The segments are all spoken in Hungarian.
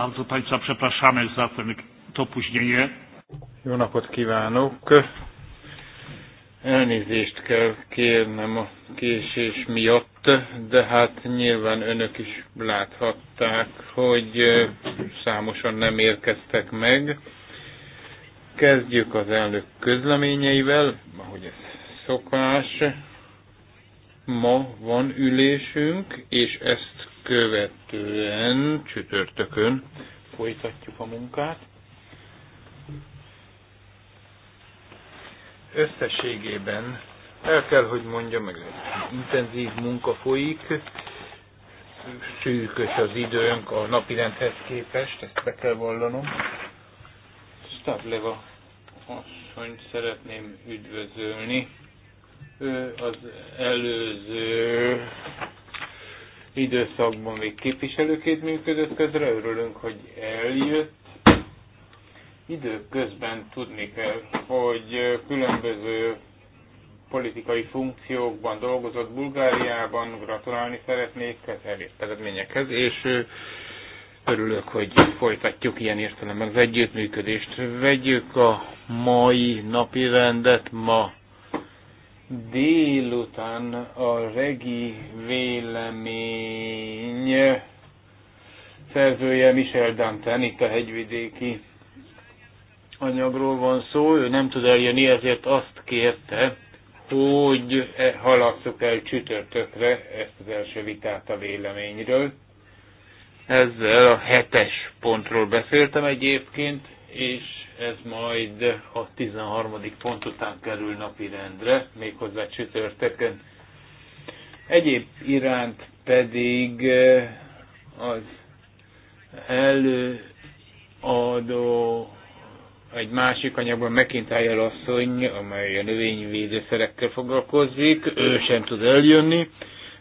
Bardzo Państwa przepraszamy za ten, to opóźnienie. Jó napot kívánok! Elnézést kell kérnem a késés miatt, de hát nyilván önök is láthatták, hogy számosan nem érkeztek meg. Kezdjük az elnök közleményeivel, ahogy ez szokás. Ma van ülésünk, és ezt követően csütörtökön folytatjuk a munkát. Összességében el kell, hogy mondjam, meg intenzív munka folyik, szűkös az időnk a rendhez képest, ezt be kell vallanom. Stableva asszony szeretném üdvözölni. Ő az előző időszakban még képviselőként működött közre, örülünk, hogy eljött. Időközben tudni kell, hogy különböző politikai funkciókban dolgozott Bulgáriában, gratulálni szeretnék az elért eredményekhez, és örülök, hogy folytatjuk ilyen értelemben az együttműködést. Vegyük a mai napi rendet, ma délután a regi vélemény szerzője Michel Danten, itt a hegyvidéki anyagról van szó, ő nem tud eljönni, ezért azt kérte, hogy e, halasszuk el csütörtökre ezt az első vitát a véleményről. Ezzel a hetes pontról beszéltem egyébként, és ez majd a 13. pont után kerül napirendre, méghozzá csütörtökön. Egyéb iránt pedig eh, az előadó egy másik anyagban McIntyre asszony, amely a növényvédőszerekkel foglalkozik, ő sem tud eljönni,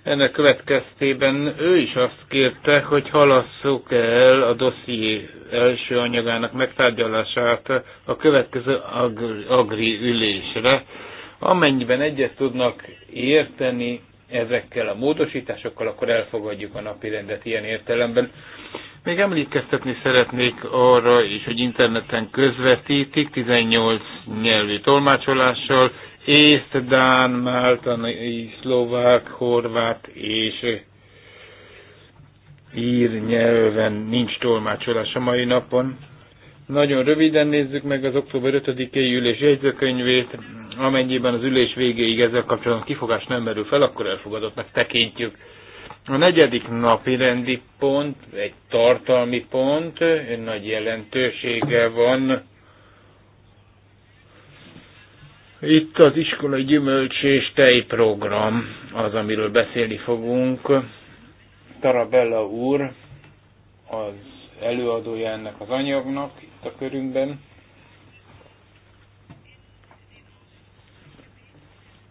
ennek következtében ő is azt kérte, hogy halasszuk el a dosszié első anyagának megtárgyalását a következő agri, agri ülésre. Amennyiben egyet tudnak érteni ezekkel a módosításokkal, akkor elfogadjuk a napi rendet ilyen értelemben. Még emlékeztetni szeretnék arra is, hogy interneten közvetítik 18 nyelvi tolmácsolással, észt, dán, máltani, szlovák, horvát és ír nyelven nincs tolmácsolás a mai napon. Nagyon röviden nézzük meg az október 5-i ülés jegyzőkönyvét. Amennyiben az ülés végéig ezzel kapcsolatban kifogás nem merül fel, akkor elfogadottnak tekintjük. A negyedik napi rendi pont egy tartalmi pont, nagy jelentősége van Itt az iskolai gyümölcs és tejprogram az, amiről beszélni fogunk. Tarabella úr az előadója ennek az anyagnak itt a körünkben.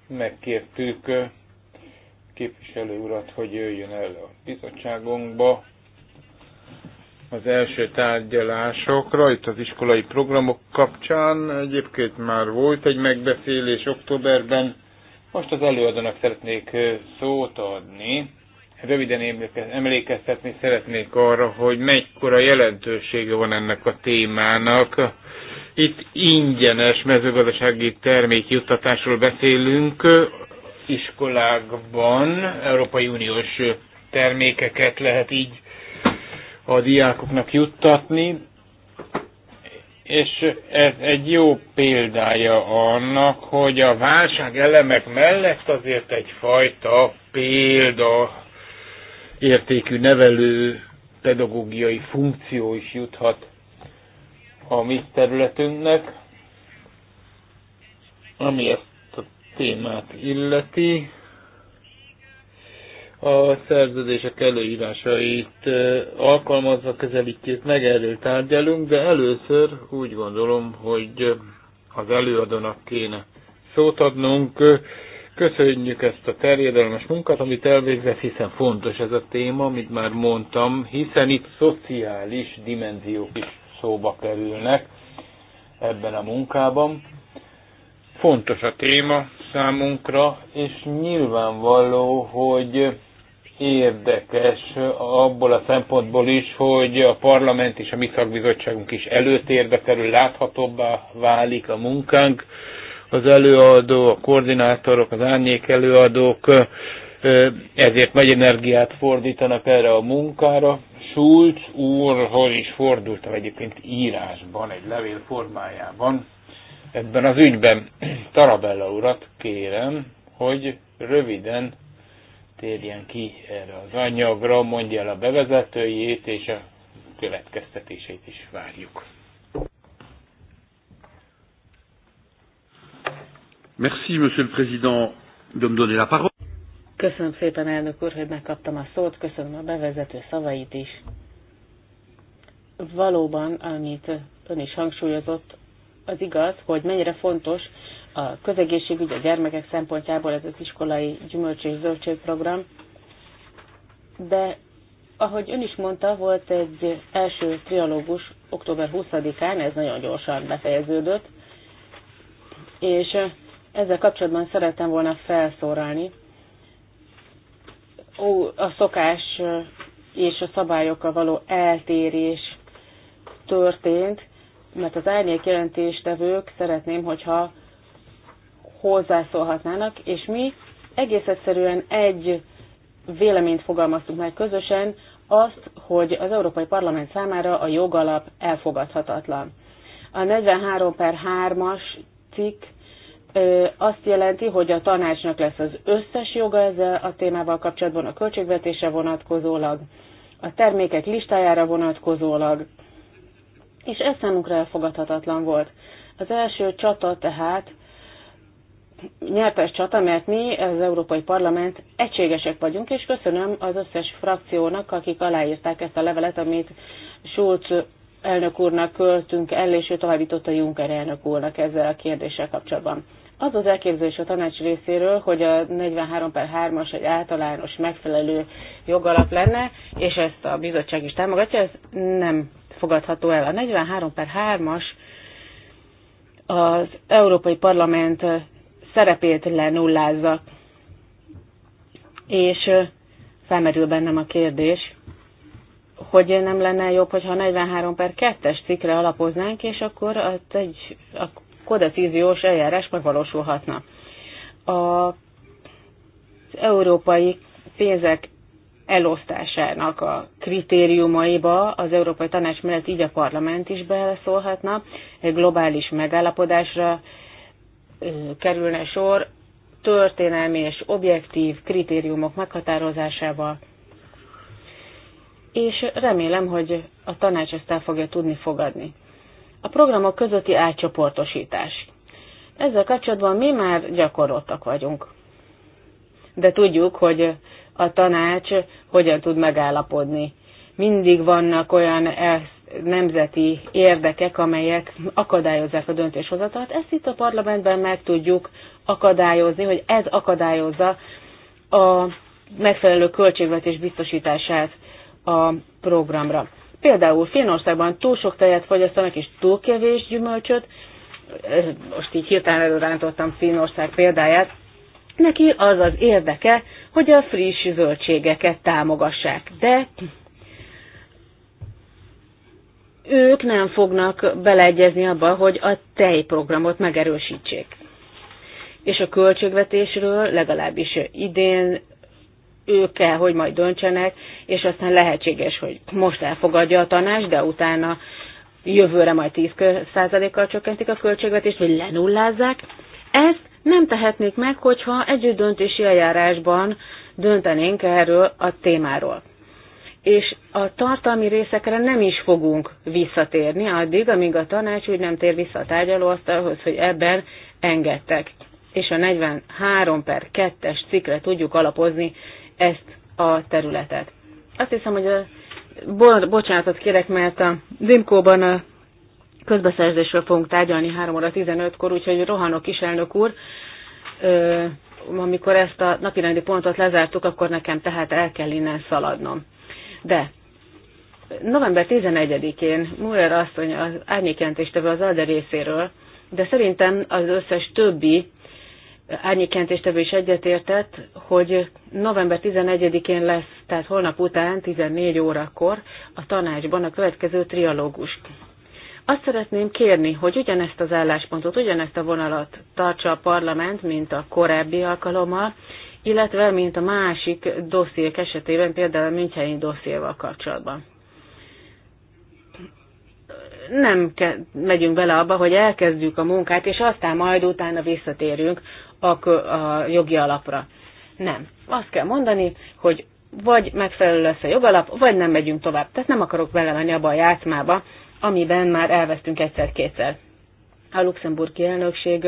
Megkértük képviselő urat, hogy jöjjön el a bizottságunkba, az első tárgyalásokra, itt az iskolai programok kapcsán. Egyébként már volt egy megbeszélés októberben. Most az előadónak szeretnék szót adni. Röviden emlékeztetni szeretnék arra, hogy mekkora jelentősége van ennek a témának. Itt ingyenes mezőgazdasági termékjuttatásról beszélünk iskolákban, Európai Uniós termékeket lehet így a diákoknak juttatni, és ez egy jó példája annak, hogy a válság elemek mellett azért egyfajta példa értékű nevelő pedagógiai funkció is juthat a mi területünknek, ami ezt a témát illeti a szerződések előírásait alkalmazva közelítjük meg, erről tárgyalunk, de először úgy gondolom, hogy az előadónak kéne szót adnunk. Köszönjük ezt a terjedelmes munkát, amit elvégzett, hiszen fontos ez a téma, amit már mondtam, hiszen itt szociális dimenziók is szóba kerülnek ebben a munkában. Fontos a téma számunkra, és nyilvánvaló, hogy érdekes abból a szempontból is, hogy a parlament és a mi szakbizottságunk is előtérbe kerül, láthatóbbá válik a munkánk. Az előadó, a koordinátorok, az árnyék előadók ezért nagy energiát fordítanak erre a munkára. Schulz úrhoz is fordultam egyébként írásban, egy levél formájában. Ebben az ügyben Tarabella urat kérem, hogy röviden térjen ki erre az anyagra, mondja el a bevezetőjét, és a következtetéseit is várjuk. Merci, Monsieur le Président, de me donner la parole. Köszönöm szépen, elnök úr, hogy megkaptam a szót, köszönöm a bevezető szavait is. Valóban, amit ön is hangsúlyozott, az igaz, hogy mennyire fontos a közegészségügy, a gyermekek szempontjából ez az iskolai gyümölcs és zöldségprogram. De ahogy ön is mondta, volt egy első trialógus október 20-án, ez nagyon gyorsan befejeződött, és ezzel kapcsolatban szerettem volna felszólalni. Ó, a szokás és a szabályokkal való eltérés történt, mert az árnyék jelentéstevők szeretném, hogyha hozzászólhatnának, és mi egész egyszerűen egy véleményt fogalmaztunk meg közösen, azt, hogy az Európai Parlament számára a jogalap elfogadhatatlan. A 43 per 3-as cikk azt jelenti, hogy a tanácsnak lesz az összes joga ezzel a témával kapcsolatban, a költségvetése vonatkozólag, a termékek listájára vonatkozólag, és ez számunkra elfogadhatatlan volt. Az első csata tehát nyertes csata, mert mi az Európai Parlament egységesek vagyunk, és köszönöm az összes frakciónak, akik aláírták ezt a levelet, amit Schulz elnök úrnak költünk el, és ő továbbította Juncker elnök úrnak ezzel a kérdéssel kapcsolatban. Az az elképzelés a tanács részéről, hogy a 43 per 3-as egy általános megfelelő jogalap lenne, és ezt a bizottság is támogatja, ez nem fogadható el. A 43 per 3-as az Európai Parlament szerepét lenullázza. És felmerül bennem a kérdés, hogy nem lenne jobb, hogyha 43 per 2-es cikkre alapoznánk, és akkor az egy, a kodecíziós eljárás megvalósulhatna. A, az európai pénzek elosztásának a kritériumaiba az Európai Tanács mellett így a parlament is beleszólhatna, egy globális megállapodásra kerülne sor történelmi és objektív kritériumok meghatározásába, és remélem, hogy a tanács ezt el fogja tudni fogadni. A programok közötti átcsoportosítás. Ezzel kapcsolatban mi már gyakoroltak vagyunk. De tudjuk, hogy a tanács hogyan tud megállapodni. Mindig vannak olyan elsz nemzeti érdekek, amelyek akadályozzák a döntéshozatalt. Ezt itt a parlamentben meg tudjuk akadályozni, hogy ez akadályozza a megfelelő költségvetés biztosítását a programra. Például Finnországban túl sok tejet fogyasztanak, és túl kevés gyümölcsöt. Most így hirtelen előrántottam Finnország példáját. Neki az az érdeke, hogy a friss zöldségeket támogassák. De ők nem fognak beleegyezni abba, hogy a tejprogramot megerősítsék. És a költségvetésről legalábbis idén ők kell, hogy majd döntsenek, és aztán lehetséges, hogy most elfogadja a tanács, de utána jövőre majd 10%-kal csökkentik a költségvetést, vagy lenullázzák. Ezt nem tehetnék meg, hogyha együtt döntési eljárásban döntenénk erről a témáról és a tartalmi részekre nem is fogunk visszatérni addig, amíg a tanács úgy nem tér vissza a tárgyalóasztalhoz, hogy ebben engedtek. És a 43 per 2-es cikkre tudjuk alapozni ezt a területet. Azt hiszem, hogy a, bo, bocsánatot kérek, mert a Dimkóban a közbeszerzésről fogunk tárgyalni 3 óra 15-kor, úgyhogy rohanok is, elnök úr. Ö, amikor ezt a napirendi pontot lezártuk, akkor nekem tehát el kell innen szaladnom. De november 11-én Múrer asszony az árnyékjelentéstevő az ALDE részéről, de szerintem az összes többi árnyékjelentéstevő is egyetértett, hogy november 11-én lesz, tehát holnap után 14 órakor a tanácsban a következő trialógus. Azt szeretném kérni, hogy ugyanezt az álláspontot, ugyanezt a vonalat tartsa a parlament, mint a korábbi alkalommal, illetve mint a másik dossziék esetében, például a Müncheni dossziéval kapcsolatban. Nem ke- megyünk bele abba, hogy elkezdjük a munkát, és aztán majd utána visszatérünk a, a jogi alapra. Nem. Azt kell mondani, hogy vagy megfelelő lesz a jogalap, vagy nem megyünk tovább. Tehát nem akarok belemenni abba a játszmába, amiben már elvesztünk egyszer-kétszer. A luxemburgi elnökség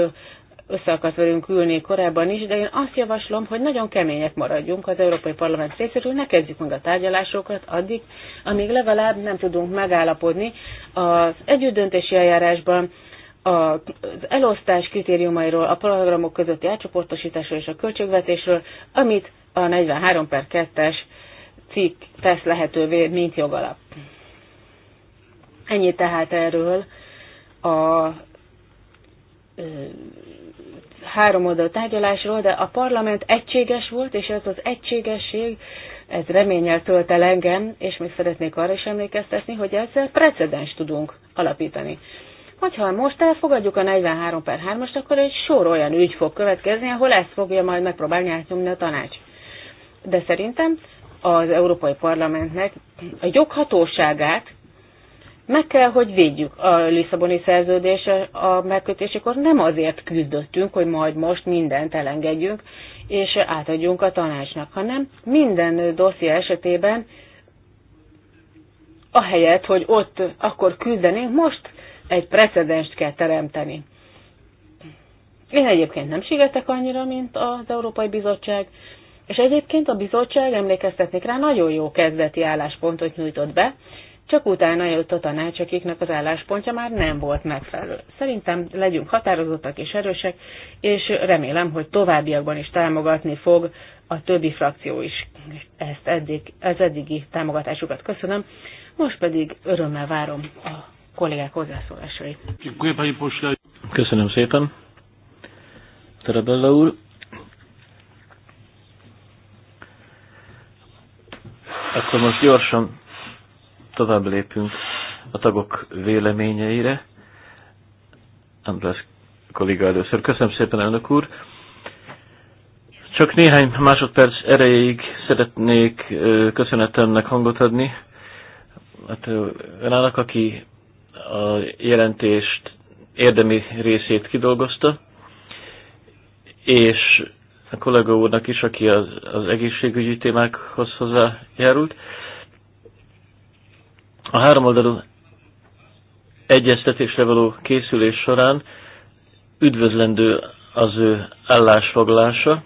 össze akart velünk ülni korábban is, de én azt javaslom, hogy nagyon kemények maradjunk az Európai Parlament részéről, ne kezdjük meg a tárgyalásokat addig, amíg legalább nem tudunk megállapodni az együttdöntési eljárásban, az elosztás kritériumairól, a programok közötti átcsoportosításról és a költségvetésről, amit a 43 per 2-es cikk tesz lehetővé, mint jogalap. Ennyi tehát erről a három oldal tárgyalásról, de a parlament egységes volt, és ez az egységesség, ez reményel tölt el engem, és még szeretnék arra is emlékeztetni, hogy ezzel precedens tudunk alapítani. Hogyha most elfogadjuk a 43 per 3-ast, akkor egy sor olyan ügy fog következni, ahol ezt fogja majd megpróbálni átnyomni a tanács. De szerintem az Európai Parlamentnek a joghatóságát meg kell, hogy védjük a Lisszaboni szerződés a megkötésekor. Nem azért küzdöttünk, hogy majd most mindent elengedjünk, és átadjunk a tanácsnak, hanem minden dosszia esetében a helyet, hogy ott akkor küzdenénk, most egy precedenst kell teremteni. Én egyébként nem sigetek annyira, mint az Európai Bizottság, és egyébként a bizottság, emlékeztetnék rá, nagyon jó kezdeti álláspontot nyújtott be, csak utána jött a tanács, akiknek az álláspontja már nem volt megfelelő. Szerintem legyünk határozottak és erősek, és remélem, hogy továbbiakban is támogatni fog a többi frakció is ezt eddig, ez eddigi támogatásukat köszönöm. Most pedig örömmel várom a kollégák hozzászólásait. Köszönöm szépen. Terebella úr. Akkor most gyorsan tovább lépünk a tagok véleményeire. András kolléga először. Köszönöm szépen, elnök úr. Csak néhány másodperc erejéig szeretnék köszönetemnek hangot adni. Hát önának, aki a jelentést érdemi részét kidolgozta, és a kollega úrnak is, aki az, az egészségügyi témákhoz hozzájárult. A háromoldalú egyeztetésre való készülés során üdvözlendő az ő állásfoglása.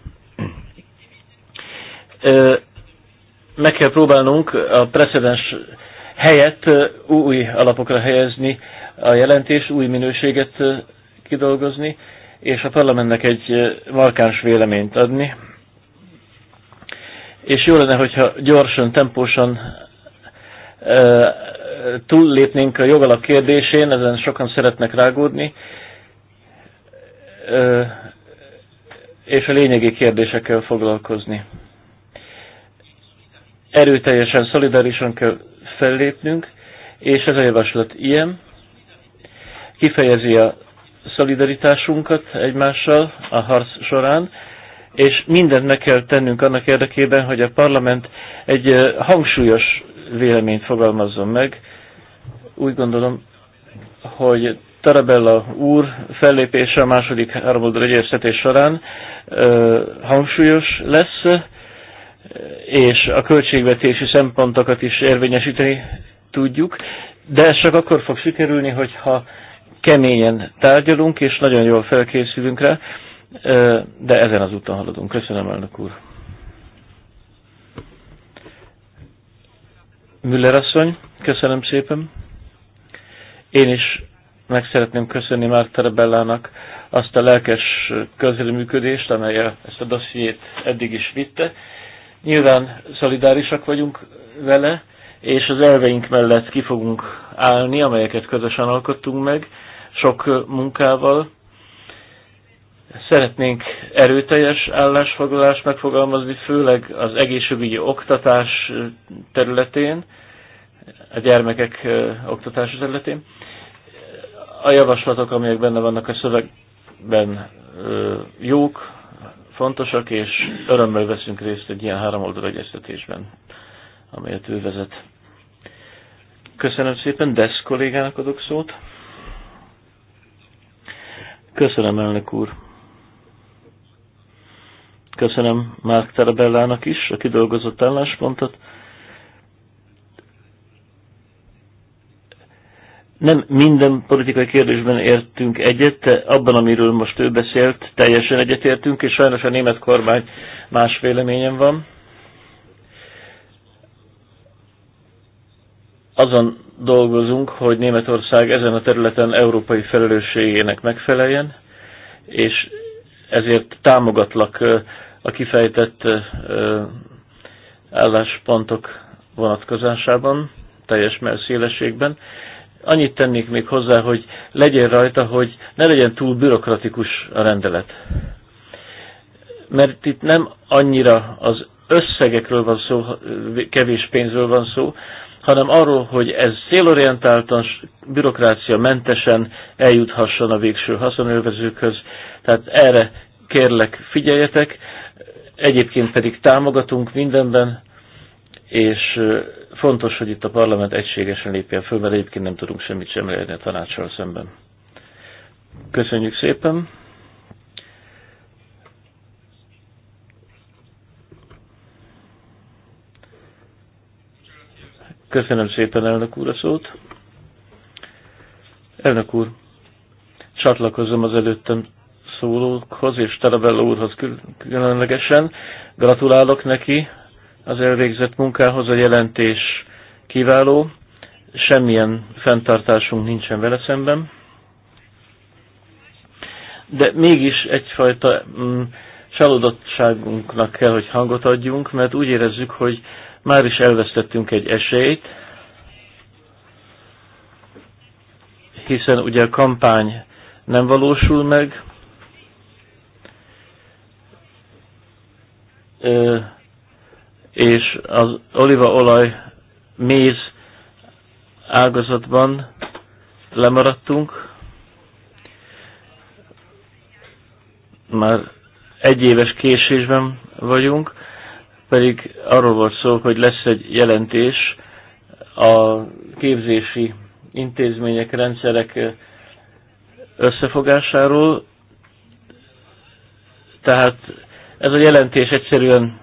Meg kell próbálnunk a precedens helyett új alapokra helyezni a jelentés, új minőséget kidolgozni, és a parlamentnek egy markáns véleményt adni. És jó lenne, hogyha gyorsan, tempósan túllépnénk a jogalap kérdésén, ezen sokan szeretnek rágódni, és a lényegi kérdésekkel foglalkozni. Erőteljesen, szolidárisan kell fellépnünk, és ez a javaslat ilyen, kifejezi a szolidaritásunkat egymással a harc során, és mindent meg kell tennünk annak érdekében, hogy a parlament egy hangsúlyos véleményt fogalmazzon meg. Úgy gondolom, hogy Tarabella úr fellépése a második háromoldal egyeztetés során ö, hangsúlyos lesz, és a költségvetési szempontokat is érvényesíteni tudjuk, de ez csak akkor fog sikerülni, hogyha keményen tárgyalunk, és nagyon jól felkészülünk rá, de ezen az úton haladunk. Köszönöm, elnök úr! Müller asszony, köszönöm szépen. Én is meg szeretném köszönni Márk Tarabellának azt a lelkes közreműködést, amely ezt a dossziét eddig is vitte. Nyilván szolidárisak vagyunk vele, és az elveink mellett ki fogunk állni, amelyeket közösen alkottunk meg, sok munkával, Szeretnénk erőteljes állásfoglalást megfogalmazni, főleg az egészségügyi oktatás területén, a gyermekek oktatása területén. A javaslatok, amelyek benne vannak a szövegben jók, fontosak, és örömmel veszünk részt egy ilyen oldal egyeztetésben, amelyet ő vezet. Köszönöm szépen, Desz kollégának adok szót. Köszönöm, elnök úr. Köszönöm Márk Terabellának is a kidolgozott álláspontot. Nem minden politikai kérdésben értünk egyet, abban, amiről most ő beszélt, teljesen egyetértünk, és sajnos a német kormány más véleményen van. Azon dolgozunk, hogy Németország ezen a területen európai felelősségének megfeleljen, és ezért támogatlak a kifejtett álláspontok vonatkozásában, teljes szélességben. Annyit tennék még hozzá, hogy legyen rajta, hogy ne legyen túl bürokratikus a rendelet. Mert itt nem annyira az összegekről van szó, kevés pénzről van szó, hanem arról, hogy ez célorientáltan, bürokrácia mentesen eljuthasson a végső haszonélvezőkhöz. Tehát erre kérlek figyeljetek, egyébként pedig támogatunk mindenben, és fontos, hogy itt a parlament egységesen lépjen föl, mert egyébként nem tudunk semmit sem elérni a tanácssal szemben. Köszönjük szépen! Köszönöm szépen, elnök úr, a szót. Elnök úr, csatlakozom az előttem szólókhoz és Tarabella úrhoz különlegesen. Gratulálok neki az elvégzett munkához, a jelentés kiváló. Semmilyen fenntartásunk nincsen vele szemben. De mégis egyfajta mm, csalódottságunknak kell, hogy hangot adjunk, mert úgy érezzük, hogy már is elvesztettünk egy esélyt, hiszen ugye a kampány nem valósul meg, és az olívaolaj méz ágazatban lemaradtunk. Már egy éves késésben vagyunk pedig arról volt szó, hogy lesz egy jelentés a képzési intézmények, rendszerek összefogásáról. Tehát ez a jelentés egyszerűen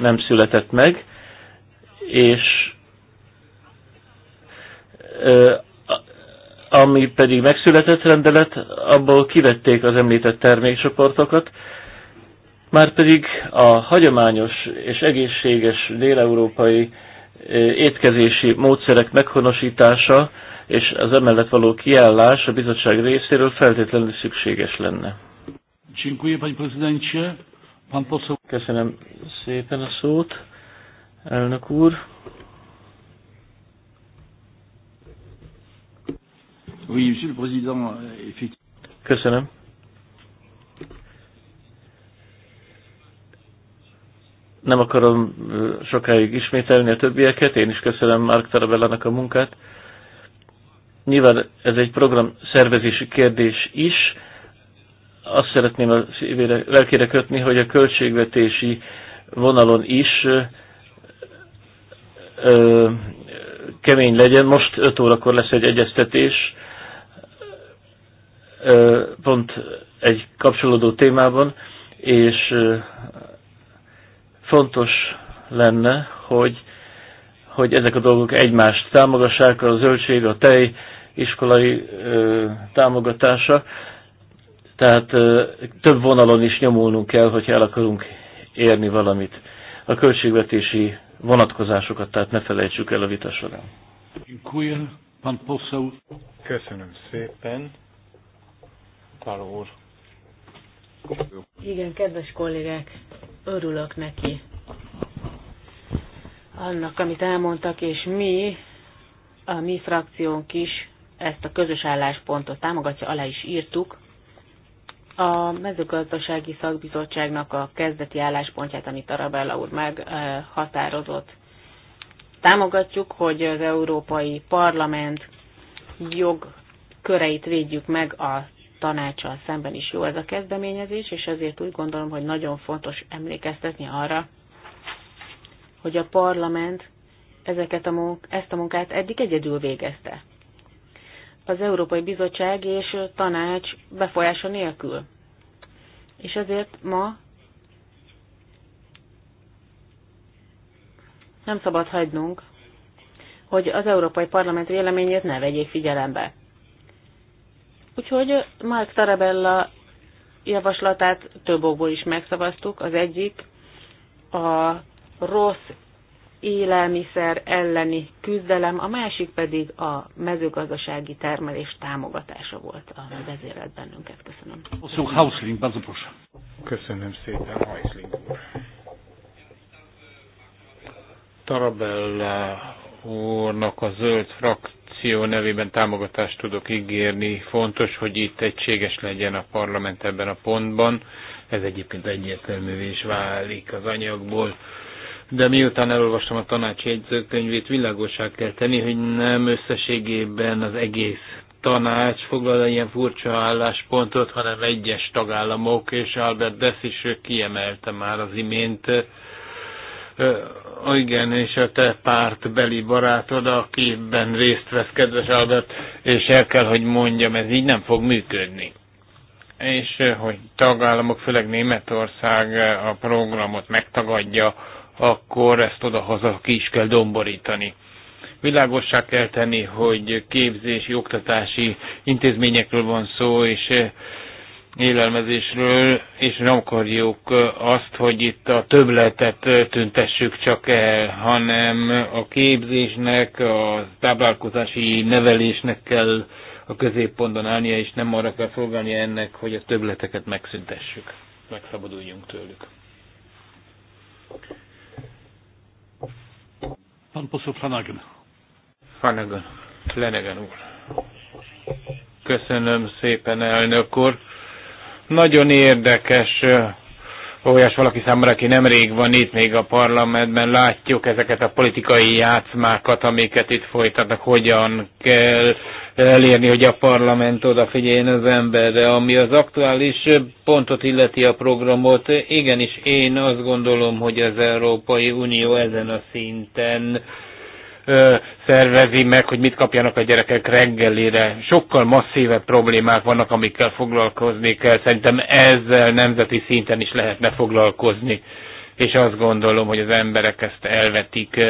nem született meg, és ami pedig megszületett rendelet, abból kivették az említett termékcsoportokat, Márpedig a hagyományos és egészséges déleurópai eh, étkezési módszerek meghonosítása és az emellett való kiállás a bizottság részéről feltétlenül szükséges lenne. Köszönöm szépen a szót, elnök úr. Köszönöm. Nem akarom sokáig ismételni a többieket, én is köszönöm Mark Tarabellának a munkát. Nyilván ez egy program szervezési kérdés is. Azt szeretném a szívére, lelkére kötni, hogy a költségvetési vonalon is ö, kemény legyen. Most 5 órakor lesz egy egyeztetés, ö, pont egy kapcsolódó témában, és fontos lenne, hogy, hogy ezek a dolgok egymást támogassák, a zöldség, a tej, iskolai ö, támogatása. Tehát ö, több vonalon is nyomulnunk kell, hogyha el akarunk érni valamit. A költségvetési vonatkozásokat, tehát ne felejtsük el a vita során. Köszönöm szépen. Igen, kedves kollégák, örülök neki annak, amit elmondtak, és mi, a mi frakciónk is ezt a közös álláspontot támogatja, alá is írtuk. A mezőgazdasági szakbizottságnak a kezdeti álláspontját, amit Arabella úr meghatározott, eh, támogatjuk, hogy az Európai Parlament jogköreit védjük meg a tanácsal szemben is jó ez a kezdeményezés, és ezért úgy gondolom, hogy nagyon fontos emlékeztetni arra, hogy a parlament ezeket a munk- ezt a munkát eddig egyedül végezte. Az Európai Bizottság és tanács befolyása nélkül. És ezért ma nem szabad hagynunk, hogy az Európai Parlament véleményét ne vegyék figyelembe. Úgyhogy Mark Tarabella javaslatát több okból is megszavaztuk. Az egyik a rossz élelmiszer elleni küzdelem, a másik pedig a mezőgazdasági termelés támogatása volt, ami vezérelt bennünket. Köszönöm. Köszönöm szépen, Hausling úr. Tarabella úrnak a zöld frakció frakció nevében támogatást tudok ígérni. Fontos, hogy itt egységes legyen a parlament ebben a pontban. Ez egyébként egyértelművé is válik az anyagból. De miután elolvastam a tanácsi jegyzőkönyvét, világosá kell tenni, hogy nem összességében az egész tanács foglal ilyen furcsa álláspontot, hanem egyes tagállamok, és Albert Dess is kiemelte már az imént, igen, és a te pártbeli barátod, akiben részt vesz, kedves Albert, és el kell, hogy mondjam, ez így nem fog működni. És hogy tagállamok, főleg Németország a programot megtagadja, akkor ezt oda-haza ki is kell domborítani. Világosság kell tenni, hogy képzési, oktatási intézményekről van szó, és élelmezésről, és nem akarjuk azt, hogy itt a többletet tüntessük csak el, hanem a képzésnek, a táplálkozási nevelésnek kell a középponton állnia, és nem arra kell szolgálni ennek, hogy a többleteket megszüntessük, megszabaduljunk tőlük. Pan Poszó Flanagan. Flanagan. Flanagan úr. Köszönöm szépen, elnök úr nagyon érdekes, olyas valaki számára, aki nemrég van itt még a parlamentben, látjuk ezeket a politikai játszmákat, amiket itt folytatnak, hogyan kell elérni, hogy a parlament odafigyeljen az emberre, ami az aktuális pontot illeti a programot. Igenis, én azt gondolom, hogy az Európai Unió ezen a szinten szervezi meg, hogy mit kapjanak a gyerekek reggelire. Sokkal masszívebb problémák vannak, amikkel foglalkozni kell. Szerintem ezzel nemzeti szinten is lehetne foglalkozni. És azt gondolom, hogy az emberek ezt elvetik,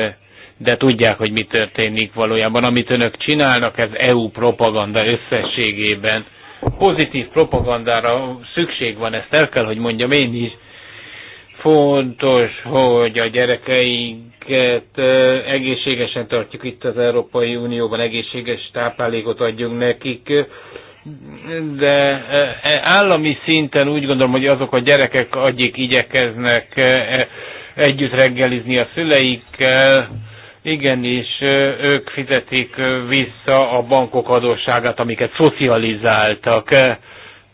de tudják, hogy mi történik valójában. Amit önök csinálnak, ez EU propaganda összességében. Pozitív propagandára szükség van, ezt el kell, hogy mondjam én is fontos, hogy a gyerekeinket egészségesen tartjuk itt az Európai Unióban, egészséges táplálékot adjunk nekik, de e, állami szinten úgy gondolom, hogy azok a gyerekek adjik igyekeznek e, együtt reggelizni a szüleikkel, igenis ők fizetik vissza a bankok adósságát, amiket szocializáltak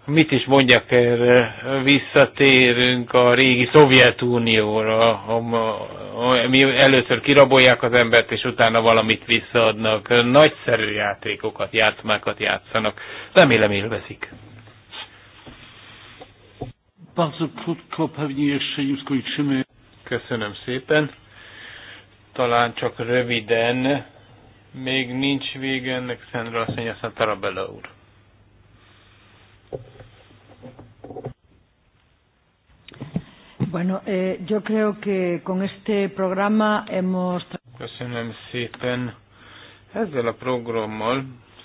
mit is mondjak erre, visszatérünk a régi Szovjetunióra, ami először kirabolják az embert, és utána valamit visszaadnak. Nagyszerű játékokat, játszmákat játszanak. Remélem élvezik. Köszönöm szépen. Talán csak röviden, még nincs vége ennek, Szentra, azt mondja, Szentra Bela úr. Bueno, eh, yo creo que con este programa hemos... Köszönöm szépen. Ezzel a programmal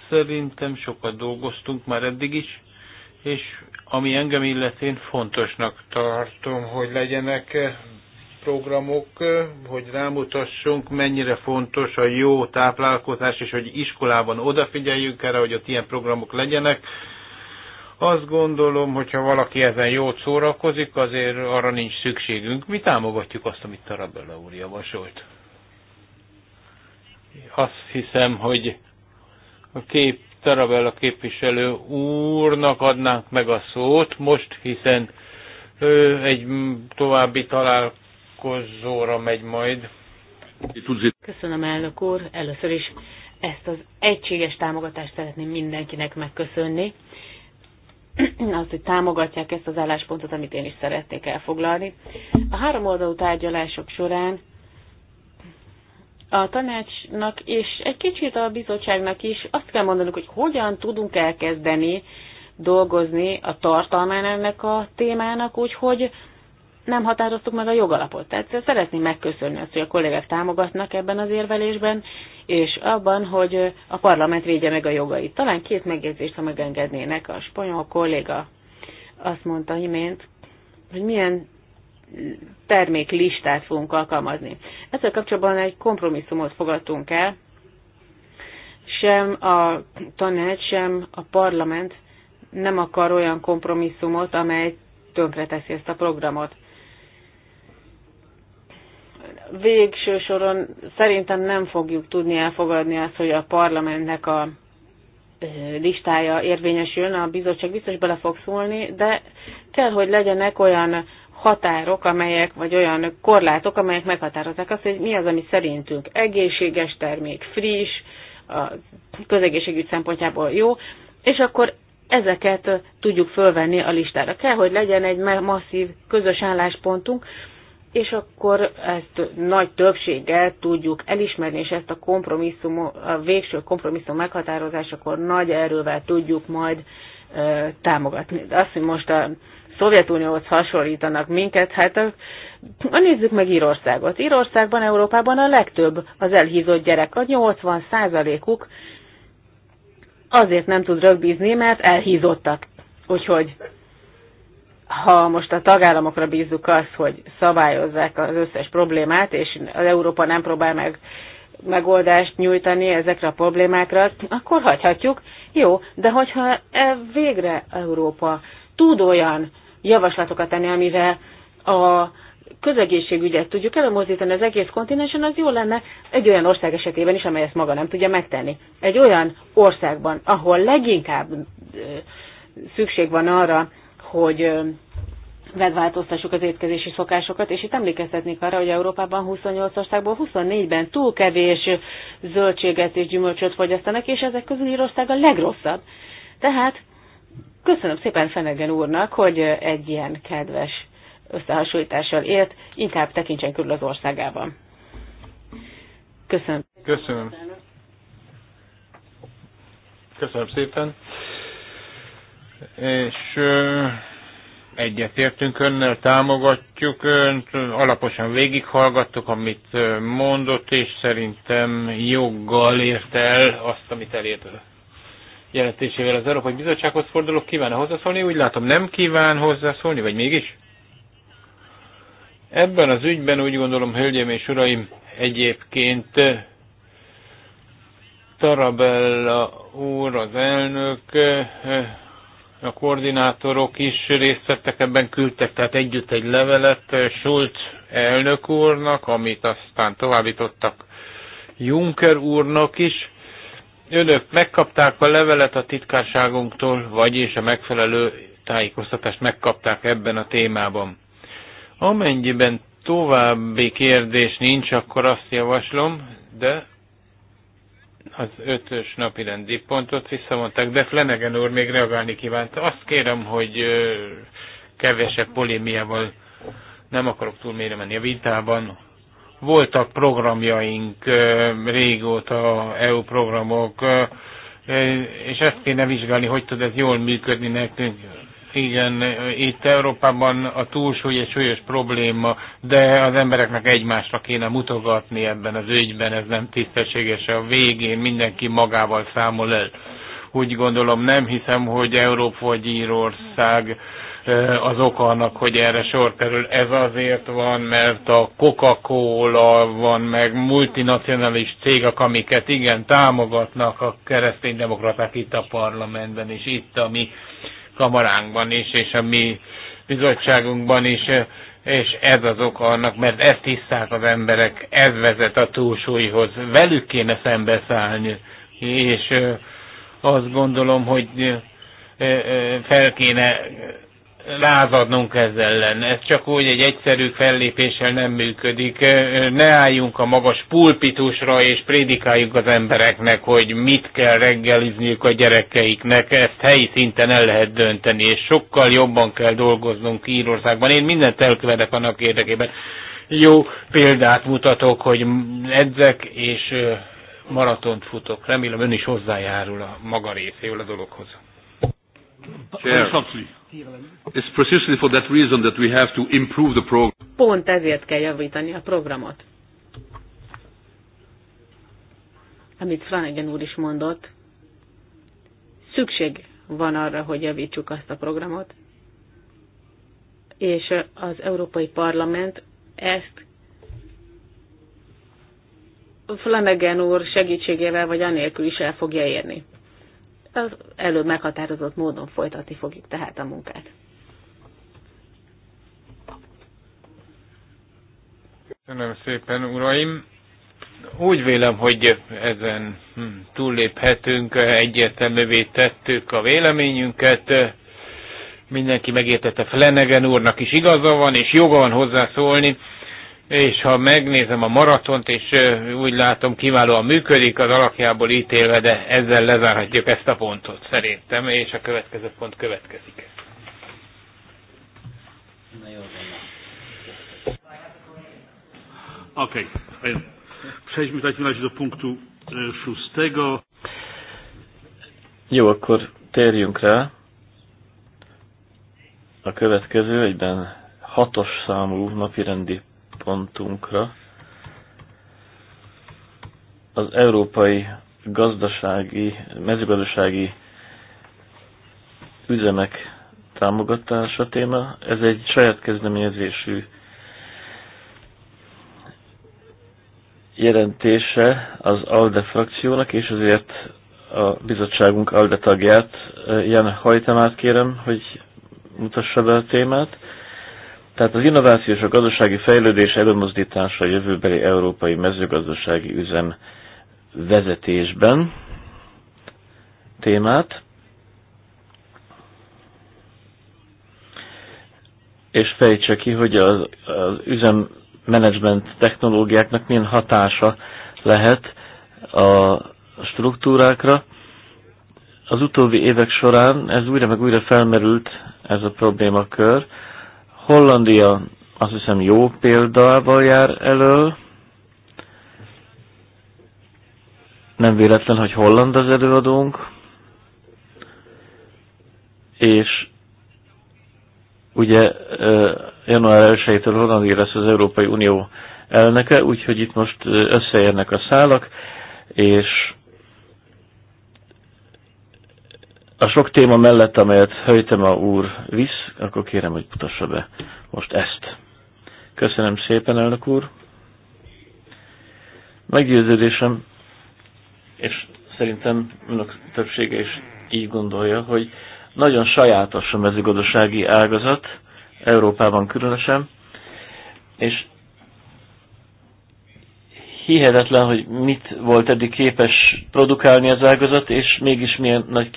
szerintem sokat dolgoztunk már eddig is, és ami engem illetén én fontosnak tartom, hogy legyenek programok, hogy rámutassunk, mennyire fontos a jó táplálkozás, és hogy iskolában odafigyeljünk erre, hogy ott ilyen programok legyenek azt gondolom, hogyha valaki ezen jót szórakozik, azért arra nincs szükségünk. Mi támogatjuk azt, amit Tarabella úr javasolt. Azt hiszem, hogy a kép Tarabella képviselő úrnak adnánk meg a szót most, hiszen ő egy további találkozóra megy majd. Köszönöm, elnök úr. Először is ezt az egységes támogatást szeretném mindenkinek megköszönni. az, hogy támogatják ezt az álláspontot, amit én is szeretnék elfoglalni. A három oldalú tárgyalások során a tanácsnak és egy kicsit a bizottságnak is azt kell mondanunk, hogy hogyan tudunk elkezdeni dolgozni a tartalmán ennek a témának, úgyhogy nem határoztuk meg a jogalapot. Tehát szeretném megköszönni azt, hogy a kollégák támogatnak ebben az érvelésben, és abban, hogy a parlament védje meg a jogait. Talán két megjegyzést, ha megengednének. A spanyol kolléga azt mondta imént, hogy milyen terméklistát fogunk alkalmazni. Ezzel kapcsolatban egy kompromisszumot fogadtunk el, sem a tanács, sem a parlament nem akar olyan kompromisszumot, amely tönkreteszi ezt a programot végső soron szerintem nem fogjuk tudni elfogadni azt, hogy a parlamentnek a listája érvényesül, a bizottság biztos bele fog szólni, de kell, hogy legyenek olyan határok, amelyek, vagy olyan korlátok, amelyek meghatározzák azt, hogy mi az, ami szerintünk egészséges termék, friss, a közegészségügy szempontjából jó, és akkor ezeket tudjuk fölvenni a listára. Kell, hogy legyen egy masszív közös álláspontunk, és akkor ezt nagy többséggel tudjuk elismerni, és ezt a kompromisszum, a végső kompromisszum meghatározásakor nagy erővel tudjuk majd ö, támogatni. De azt, hogy most a Szovjetunióhoz hasonlítanak minket, hát a, a nézzük meg Írországot. Írországban, Európában a legtöbb az elhízott gyerek, a 80 százalékuk azért nem tud rögbízni, mert elhízottak. Úgyhogy ha most a tagállamokra bízzuk azt, hogy szabályozzák az összes problémát, és az Európa nem próbál meg megoldást nyújtani ezekre a problémákra, akkor hagyhatjuk. Jó, de hogyha e végre Európa tud olyan javaslatokat tenni, amivel a közegészségügyet tudjuk előmozdítani az egész kontinensen, az jó lenne egy olyan ország esetében is, amely ezt maga nem tudja megtenni. Egy olyan országban, ahol leginkább szükség van arra, hogy megváltoztassuk az étkezési szokásokat, és itt emlékeztetnék arra, hogy Európában 28 országból 24-ben túl kevés zöldséget és gyümölcsöt fogyasztanak, és ezek közül Írország a legrosszabb. Tehát köszönöm szépen Fenegen úrnak, hogy egy ilyen kedves összehasonlítással élt, inkább tekintsen körül az országában. Köszönöm. Köszönöm. Köszönöm szépen és egyetértünk önnel, támogatjuk önt, alaposan végighallgattuk, amit mondott, és szerintem joggal ért el azt, amit elért a jelentésével az Európai Bizottsághoz fordulok. Kíván-e hozzászólni? Úgy látom, nem kíván hozzászólni, vagy mégis? Ebben az ügyben úgy gondolom, hölgyeim és uraim, egyébként Tarabella úr, az elnök, a koordinátorok is részt vettek ebben, küldtek tehát együtt egy levelet Schulz elnök úrnak, amit aztán továbbítottak Juncker úrnak is. Önök megkapták a levelet a titkárságunktól, vagyis a megfelelő tájékoztatást megkapták ebben a témában. Amennyiben további kérdés nincs, akkor azt javaslom, de az ötös napi rendi pontot visszamondták, de Flanagan úr még reagálni kívánt. Azt kérem, hogy kevesebb polémiával nem akarok túl mélyre menni a vitában. Voltak programjaink régóta, EU programok, és ezt kéne vizsgálni, hogy tud ez jól működni nekünk. Igen, itt Európában a túlsúly egy súlyos probléma, de az embereknek egymásra kéne mutogatni ebben az ügyben, ez nem tisztességes, a végén mindenki magával számol el. Úgy gondolom, nem hiszem, hogy Európa vagy Írország az oka annak, hogy erre sor kerül. Ez azért van, mert a Coca-Cola van, meg multinacionalis cégek, amiket igen támogatnak a kereszténydemokraták itt a parlamentben, és itt a mi kamaránkban is, és a mi bizottságunkban is, és ez az oka annak, mert ezt hiszák az emberek, ez vezet a túlsúlyhoz. Velük kéne szembeszállni, és azt gondolom, hogy fel kéne lázadnunk ezzel ellen. Ez csak úgy egy egyszerű fellépéssel nem működik. Ne álljunk a magas pulpitusra, és prédikáljuk az embereknek, hogy mit kell reggelizniük a gyerekeiknek. Ezt helyi szinten el lehet dönteni, és sokkal jobban kell dolgoznunk Írországban. Én mindent elkövetek annak érdekében. Jó példát mutatok, hogy edzek, és maratont futok. Remélem ön is hozzájárul a maga részéül a dologhoz. Chair. It's precisely for that reason that we have to improve the program. Pont ezért kell javítani a programot. Amit Flanagan úr is mondott, szükség van arra, hogy javítsuk azt a programot, és az Európai Parlament ezt Flanagan úr segítségével vagy anélkül is el fogja érni az előbb meghatározott módon folytatni fogjuk tehát a munkát. Köszönöm szépen, uraim! Úgy vélem, hogy ezen hm, túlléphetünk, egyértelművé tettük a véleményünket. Mindenki megértette Flanagan úrnak is igaza van, és joga van hozzászólni és ha megnézem a maratont, és úgy látom, kiválóan működik az alakjából ítélve, de ezzel lezárhatjuk ezt a pontot szerintem, és a következő pont következik. Oké, Okay. Przejdźmy w takim razie do punktu e, szóstego. Jó, akkor térjünk rá. A következő egyben hatos számú napirendi pontunkra. Az európai gazdasági, mezőgazdasági üzemek támogatása téma. Ez egy saját kezdeményezésű jelentése az ALDE frakciónak, és azért a bizottságunk ALDE tagját, Jan Hajtamát kérem, hogy mutassa be a témát. Tehát az innováció és a gazdasági fejlődés előmozdítása a jövőbeli európai mezőgazdasági üzem vezetésben témát, és fejtse ki, hogy az, az üzemmenedzsment technológiáknak milyen hatása lehet a struktúrákra. Az utóbbi évek során ez újra meg újra felmerült ez a problémakör, Hollandia azt hiszem jó példával jár elől. Nem véletlen, hogy holland az előadónk. És ugye január 1-től Hollandia lesz az Európai Unió elnöke, úgyhogy itt most összeérnek a szálak, és a sok téma mellett, amelyet a úr visz, akkor kérem, hogy mutassa be most ezt. Köszönöm szépen, elnök úr. Meggyőződésem, és szerintem önök többsége is így gondolja, hogy nagyon sajátos a mezőgazdasági ágazat, Európában különösen, és hihetetlen, hogy mit volt eddig képes produkálni az ágazat, és mégis milyen nagy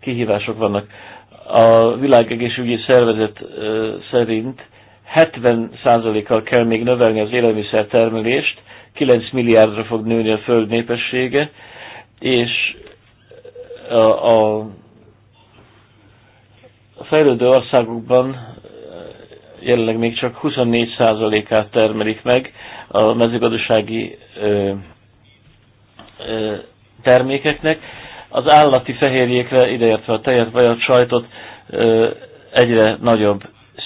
kihívások vannak. A világegészségügyi szervezet szerint 70%-kal kell még növelni az élelmiszertermelést, 9 milliárdra fog nőni a föld népessége, és a, a fejlődő országokban jelenleg még csak 24%-át termelik meg a mezőgazdasági ö, ö, termékeknek. Az állati fehérjékre, ideértve a tejet vagy a sajtot ö, egyre nagyobb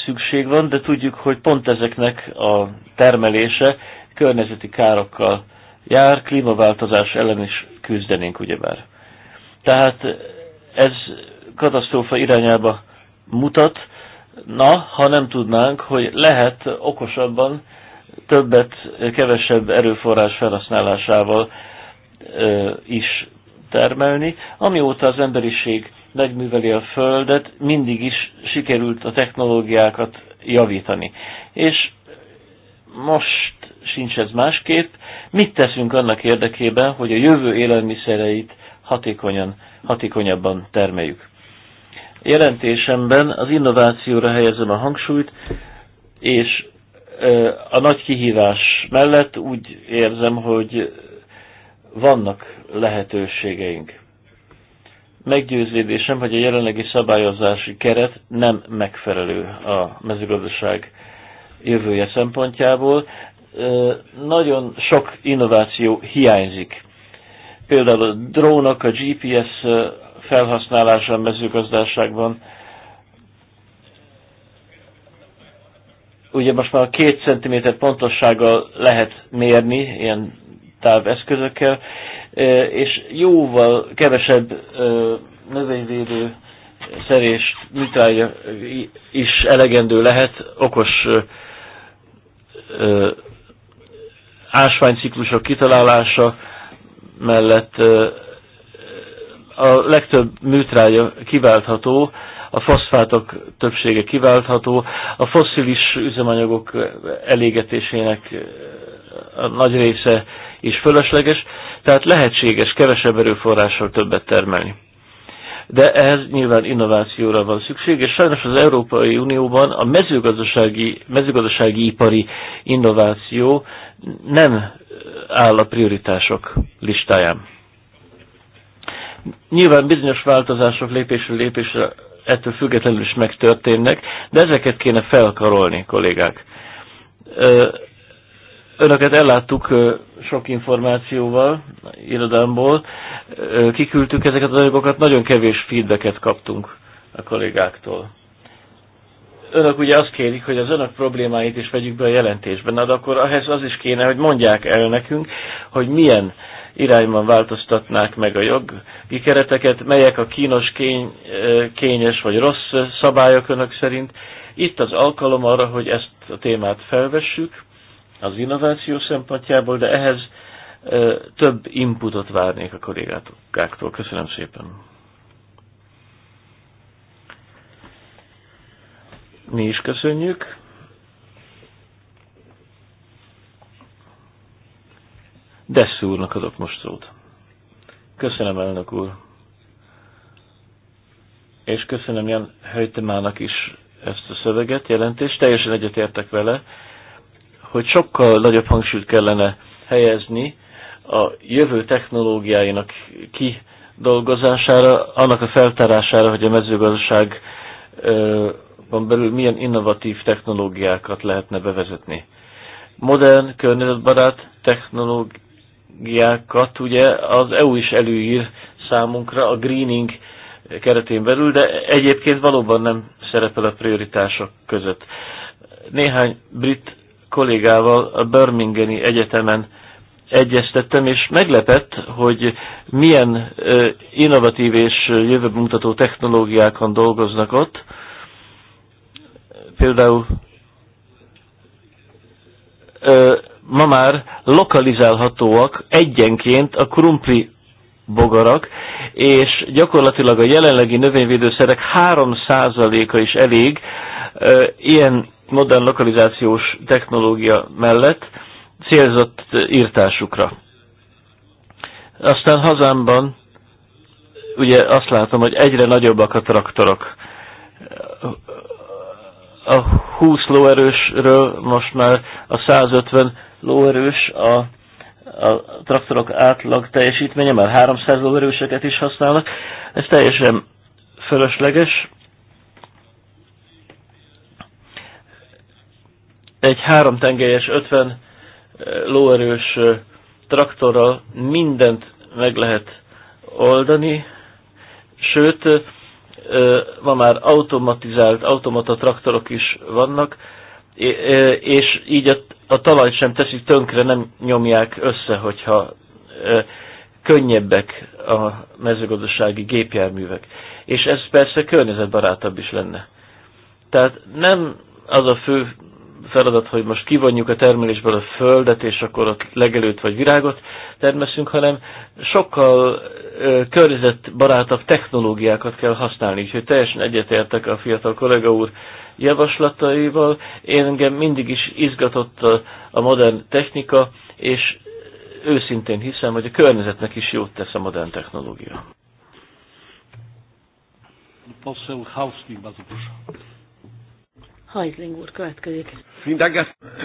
szükség van, de tudjuk, hogy pont ezeknek a termelése környezeti károkkal jár, klímaváltozás ellen is küzdenénk ugyebár. Tehát ez katasztrófa irányába mutat, Na, ha nem tudnánk, hogy lehet okosabban többet, kevesebb erőforrás felhasználásával ö, is termelni. Amióta az emberiség megműveli a Földet, mindig is sikerült a technológiákat javítani. És most sincs ez másképp. Mit teszünk annak érdekében, hogy a jövő élelmiszereit hatékonyan, hatékonyabban termeljük? Jelentésemben az innovációra helyezem a hangsúlyt, és a nagy kihívás mellett úgy érzem, hogy vannak lehetőségeink. Meggyőződésem, hogy a jelenlegi szabályozási keret nem megfelelő a mezőgazdaság jövője szempontjából. Nagyon sok innováció hiányzik. Például a drónok, a GPS felhasználása a mezőgazdaságban. Ugye most már a két centiméter pontossággal lehet mérni ilyen táveszközökkel, e, és jóval kevesebb e, növényvédő szerés nitrája is elegendő lehet okos e, ásványciklusok kitalálása mellett a legtöbb műtrágya kiváltható, a foszfátok többsége kiváltható, a fosszilis üzemanyagok elégetésének eh, a nagy része is fölösleges, tehát lehetséges kevesebb erőforrással többet termelni. De ehhez nyilván innovációra van szükség, és sajnos az Európai Unióban a mezőgazdasági, mezőgazdasági ipari innováció nem eh, áll a prioritások listáján. Nyilván bizonyos változások lépésről lépésre ettől függetlenül is megtörténnek, de ezeket kéne felkarolni, kollégák. Önöket elláttuk sok információval, irodámból, kiküldtük ezeket az anyagokat, nagyon kevés feedbacket kaptunk a kollégáktól. Önök ugye azt kérik, hogy az önök problémáit is vegyük be a jelentésben, Na, de akkor ahhez az is kéne, hogy mondják el nekünk, hogy milyen uh, irányban változtatnák meg a jogi kereteket, melyek a kínos, kény, kényes vagy rossz szabályok önök szerint. Itt az alkalom arra, hogy ezt a témát felvessük az innováció szempontjából, de ehhez több inputot várnék a kollégáktól. Köszönöm szépen. Mi is köszönjük. Dessz úrnak adok most szót. Köszönöm, elnök úr. És köszönöm Jan Höjtemának is ezt a szöveget, jelentést. Teljesen egyetértek vele, hogy sokkal nagyobb hangsúlyt kellene helyezni a jövő technológiáinak kidolgozására, annak a feltárására, hogy a mezőgazdaság van belül milyen innovatív technológiákat lehetne bevezetni. Modern, környezetbarát technológi- technológiákat ugye az EU is előír számunkra a greening keretén belül, de egyébként valóban nem szerepel a prioritások között. Néhány brit kollégával a Birminghami Egyetemen egyeztettem, és meglepett, hogy milyen innovatív és jövőmutató technológiákon dolgoznak ott. Például ma már lokalizálhatóak egyenként a krumpli bogarak, és gyakorlatilag a jelenlegi növényvédőszerek 3%-a is elég e, ilyen modern lokalizációs technológia mellett célzott írtásukra. Aztán hazámban ugye azt látom, hogy egyre nagyobbak a traktorok. A 20 lóerősről most már a 150 lóerős a, a traktorok átlag teljesítménye, már 300 lóerőseket is használnak. Ez teljesen fölösleges. Egy háromtengelyes 50 lóerős traktorral mindent meg lehet oldani, sőt, ma már automatizált automata traktorok is vannak, és így a, a talajt sem teszik tönkre, nem nyomják össze, hogyha e, könnyebbek a mezőgazdasági gépjárművek. És ez persze környezetbarátabb is lenne. Tehát nem az a fő feladat, hogy most kivonjuk a termelésből a földet, és akkor ott legelőt vagy virágot termeszünk, hanem sokkal környezetbarátabb technológiákat kell használni, úgyhogy teljesen egyetértek a fiatal kollega úr javaslataival. Én engem mindig is izgatott a, a modern technika, és őszintén hiszem, hogy a környezetnek is jót tesz a modern technológia. Poseł bardzo proszę. Hajzling úr következik.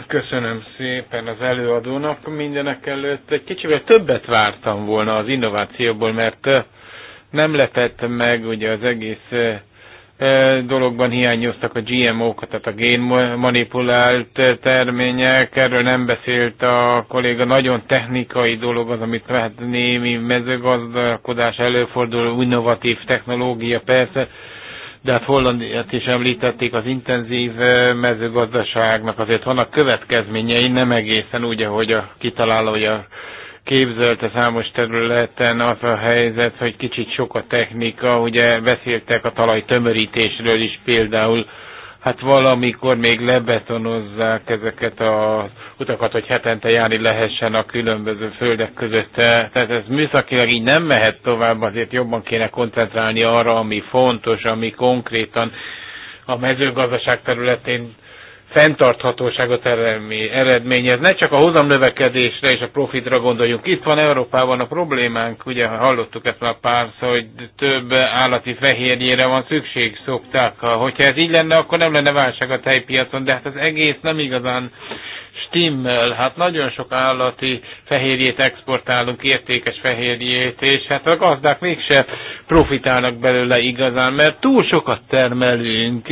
Köszönöm szépen az előadónak. Mindenek előtt egy kicsivel többet vártam volna az innovációból, mert nem lepett meg ugye az egész dologban hiányoztak a GMO-kat, tehát a génmanipulált termények, erről nem beszélt a kolléga, nagyon technikai dolog az, amit lehet némi mezőgazdálkodás előfordul, innovatív technológia persze, de hát Hollandiát is említették, az intenzív eh, mezőgazdaságnak azért vannak következményei, nem egészen úgy, ahogy a kitalálója képzelte számos területen az a helyzet, hogy kicsit sok a technika, ugye beszéltek a talaj tömörítésről is például, hát valamikor még lebetonozzák ezeket a utakat, hogy hetente járni lehessen a különböző földek között. Tehát ez műszakilag így nem mehet tovább, azért jobban kéne koncentrálni arra, ami fontos, ami konkrétan a mezőgazdaság területén fenntarthatóságot eredményez. Ne csak a hozamnövekedésre és a profitra gondoljunk. Itt van Európában a problémánk, ugye hallottuk ezt már párszor, hogy több állati fehérjére van szükség, szokták. Hogyha ez így lenne, akkor nem lenne válság a tejpiacon, de hát az egész nem igazán stimmel. Hát nagyon sok állati fehérjét exportálunk, értékes fehérjét, és hát a gazdák mégse profitálnak belőle igazán, mert túl sokat termelünk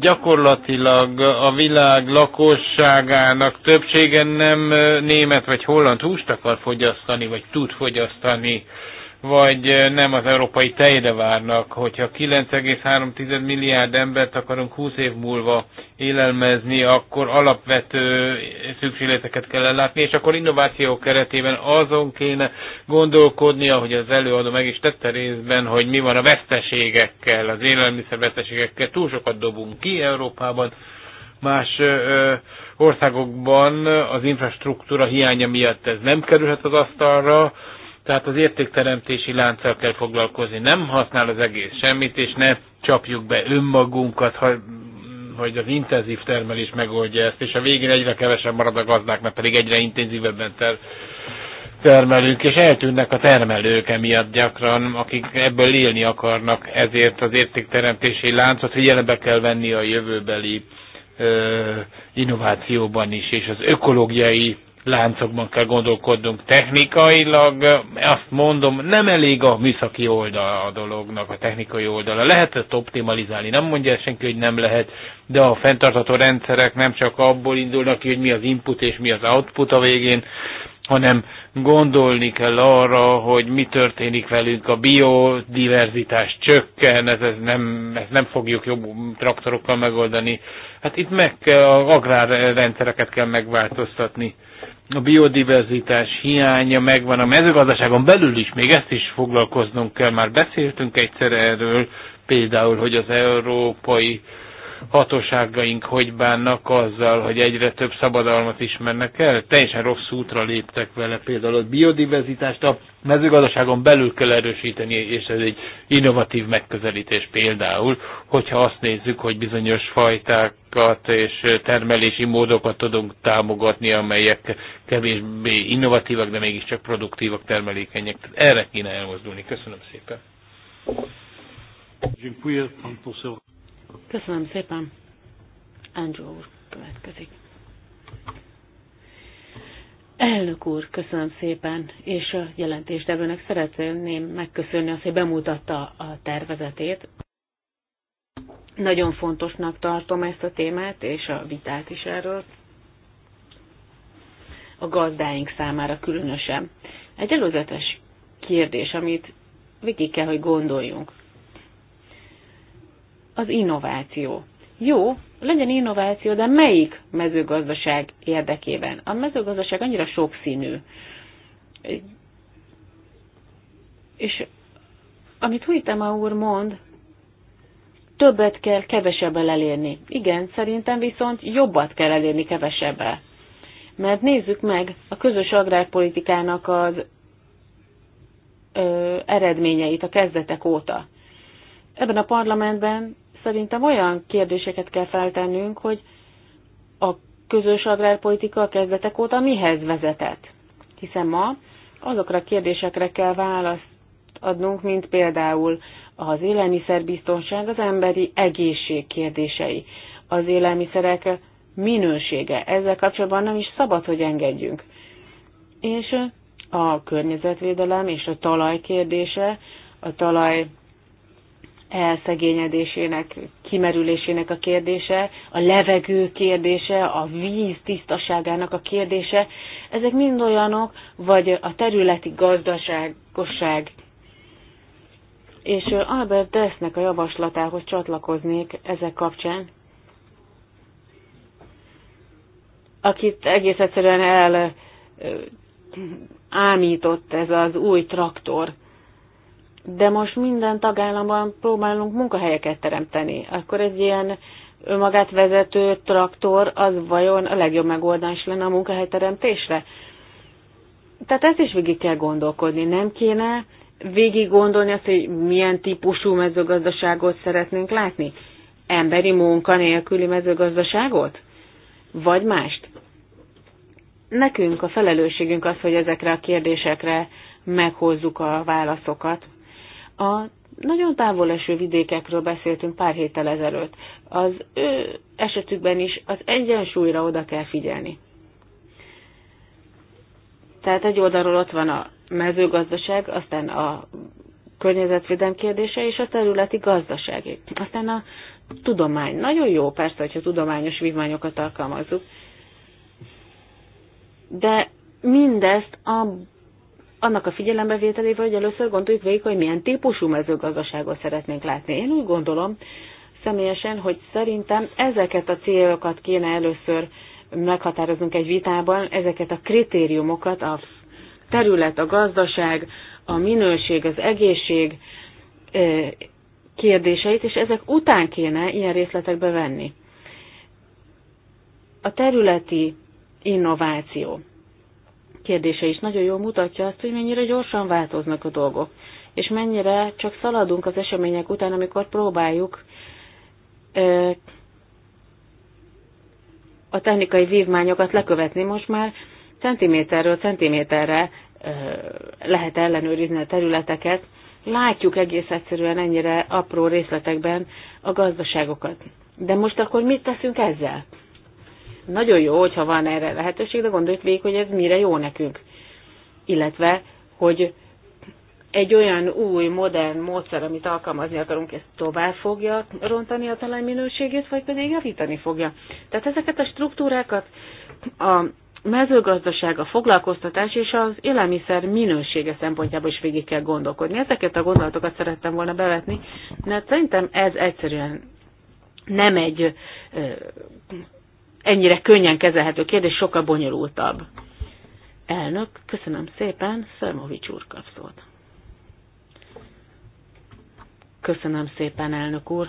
gyakorlatilag a világ lakosságának többsége nem német vagy holland húst akar fogyasztani, vagy tud fogyasztani vagy nem az európai tejre várnak. Hogyha 9,3 milliárd embert akarunk 20 év múlva élelmezni, akkor alapvető szükségleteket kell ellátni, és akkor innováció keretében azon kéne gondolkodni, ahogy az előadó meg is tette részben, hogy mi van a veszteségekkel, az élelmiszer veszteségekkel. Túl sokat dobunk ki Európában, más országokban az infrastruktúra hiánya miatt ez nem kerülhet az asztalra, tehát az értékteremtési lánccal kell foglalkozni. Nem használ az egész semmit, és ne csapjuk be önmagunkat, ha, hogy az intenzív termelés megoldja ezt, és a végén egyre kevesebb marad a mert pedig egyre intenzívebben ter, termelünk, és eltűnnek a termelők emiatt gyakran, akik ebből élni akarnak, ezért az értékteremtési láncot figyelembe kell venni a jövőbeli ö, innovációban is, és az ökológiai láncokban kell gondolkodnunk technikailag. Eh, azt mondom, nem elég a műszaki oldal a dolognak, a technikai oldala. Lehet ezt optimalizálni, nem mondja senki, hogy nem lehet, de a fenntartható rendszerek nem csak abból indulnak ki, hogy mi az input és mi az output a végén, hanem gondolni kell arra, hogy mi történik velünk, a biodiverzitás csökken, ez, ez nem, ezt nem fogjuk jobb traktorokkal megoldani. Hát itt meg kell, agrárrendszereket kell megváltoztatni a biodiverzitás hiánya megvan a mezőgazdaságon belül is, még ezt is foglalkoznunk kell, már beszéltünk egyszer erről, például, hogy az európai uh, hatóságaink hogy bánnak azzal, hogy egyre több szabadalmat ismernek el. Teljesen rossz útra léptek vele például. A biodiverzitást a mezőgazdaságon belül kell erősíteni, és ez egy innovatív megközelítés például, hogyha azt nézzük, hogy bizonyos fajtákat és termelési módokat tudunk támogatni, amelyek kevésbé innovatívak, de mégiscsak produktívak, termelékenyek. Erre kéne elmozdulni. Köszönöm szépen. Dziękuję, pan poseł. Köszönöm szépen. Andrew úr következik. Elnök úr, köszönöm szépen, és a jelentéstevőnek szeretném megköszönni azt, hogy bemutatta a tervezetét. Nagyon fontosnak tartom ezt a témát, és a vitát is erről a gazdáink számára különösen. Egy előzetes kérdés, amit végig kell, hogy gondoljunk az innováció. Jó, legyen innováció, de melyik mezőgazdaság érdekében? A mezőgazdaság annyira sokszínű. És amit Huitema úr mond, többet kell kevesebbel elérni. Igen, szerintem viszont jobbat kell elérni kevesebbel. Mert nézzük meg a közös agrárpolitikának az ö, eredményeit a kezdetek óta. Ebben a parlamentben szerintem olyan kérdéseket kell feltennünk, hogy a közös agrárpolitika a kezdetek óta mihez vezetett. Hiszen ma azokra a kérdésekre kell választ adnunk, mint például az élelmiszerbiztonság, az emberi egészség kérdései, az élelmiszerek minősége. Ezzel kapcsolatban nem is szabad, hogy engedjünk. És a környezetvédelem és a talaj kérdése, a talaj elszegényedésének, kimerülésének a kérdése, a levegő kérdése, a víz tisztaságának a kérdése, ezek mind olyanok, vagy a területi gazdaságosság. És Albert Dessnek a javaslatához csatlakoznék ezek kapcsán, akit egész egyszerűen el ámított ez az új traktor de most minden tagállamban próbálunk munkahelyeket teremteni. Akkor egy ilyen önmagát vezető traktor az vajon a legjobb megoldás lenne a munkahelyteremtésre? Tehát ezt is végig kell gondolkodni. Nem kéne végig gondolni azt, hogy milyen típusú mezőgazdaságot szeretnénk látni? Emberi munka nélküli mezőgazdaságot? Vagy mást? Nekünk a felelősségünk az, hogy ezekre a kérdésekre meghozzuk a válaszokat. A nagyon távol eső vidékekről beszéltünk pár héttel ezelőtt. Az ő esetükben is az egyensúlyra oda kell figyelni. Tehát egy oldalról ott van a mezőgazdaság, aztán a környezetvédelem kérdése és a területi gazdaság. Aztán a tudomány. Nagyon jó persze, hogyha tudományos vívmányokat alkalmazunk, de mindezt a annak a figyelembevételével, hogy először gondoljuk végig, hogy milyen típusú mezőgazdaságot szeretnénk látni. Én úgy gondolom személyesen, hogy szerintem ezeket a célokat kéne először meghatározunk egy vitában, ezeket a kritériumokat, a terület, a gazdaság, a minőség, az egészség kérdéseit, és ezek után kéne ilyen részletekbe venni. A területi innováció kérdése is nagyon jól mutatja azt, hogy mennyire gyorsan változnak a dolgok, és mennyire csak szaladunk az események után, amikor próbáljuk a technikai vívmányokat lekövetni. Most már centiméterről centiméterre lehet ellenőrizni a területeket, látjuk egész egyszerűen ennyire apró részletekben a gazdaságokat. De most akkor mit teszünk ezzel? Nagyon jó, hogyha van erre lehetőség, de gondoljuk végig, hogy ez mire jó nekünk. Illetve, hogy egy olyan új, modern módszer, amit alkalmazni akarunk, ezt tovább fogja rontani a minőségét, vagy pedig javítani fogja. Tehát ezeket a struktúrákat a mezőgazdaság, a foglalkoztatás és az élelmiszer minősége szempontjából is végig kell gondolkodni. Ezeket a gondolatokat szerettem volna bevetni, mert szerintem ez egyszerűen nem egy ennyire könnyen kezelhető kérdés, sokkal bonyolultabb. Elnök, köszönöm szépen, Szermovics úr kap szót. Köszönöm szépen, elnök úr.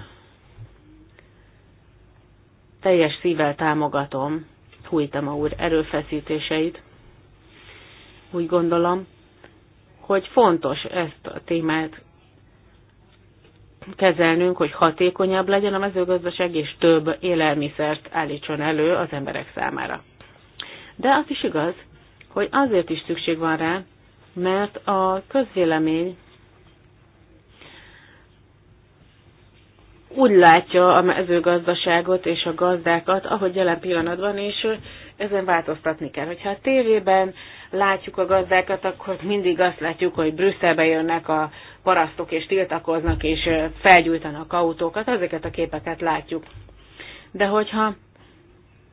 Teljes szívvel támogatom Hújtama úr erőfeszítéseit. Úgy gondolom, hogy fontos ezt a témát kezelnünk, hogy hatékonyabb legyen a mezőgazdaság, és több élelmiszert állítson elő az emberek számára. De az is igaz, hogy azért is szükség van rá, mert a közvélemény úgy látja a mezőgazdaságot és a gazdákat, ahogy jelen pillanatban, és ezen változtatni kell. Hogyha a tévében, látjuk a gazdákat, akkor mindig azt látjuk, hogy Brüsszelbe jönnek a parasztok, és tiltakoznak, és felgyújtanak autókat, ezeket a képeket látjuk. De hogyha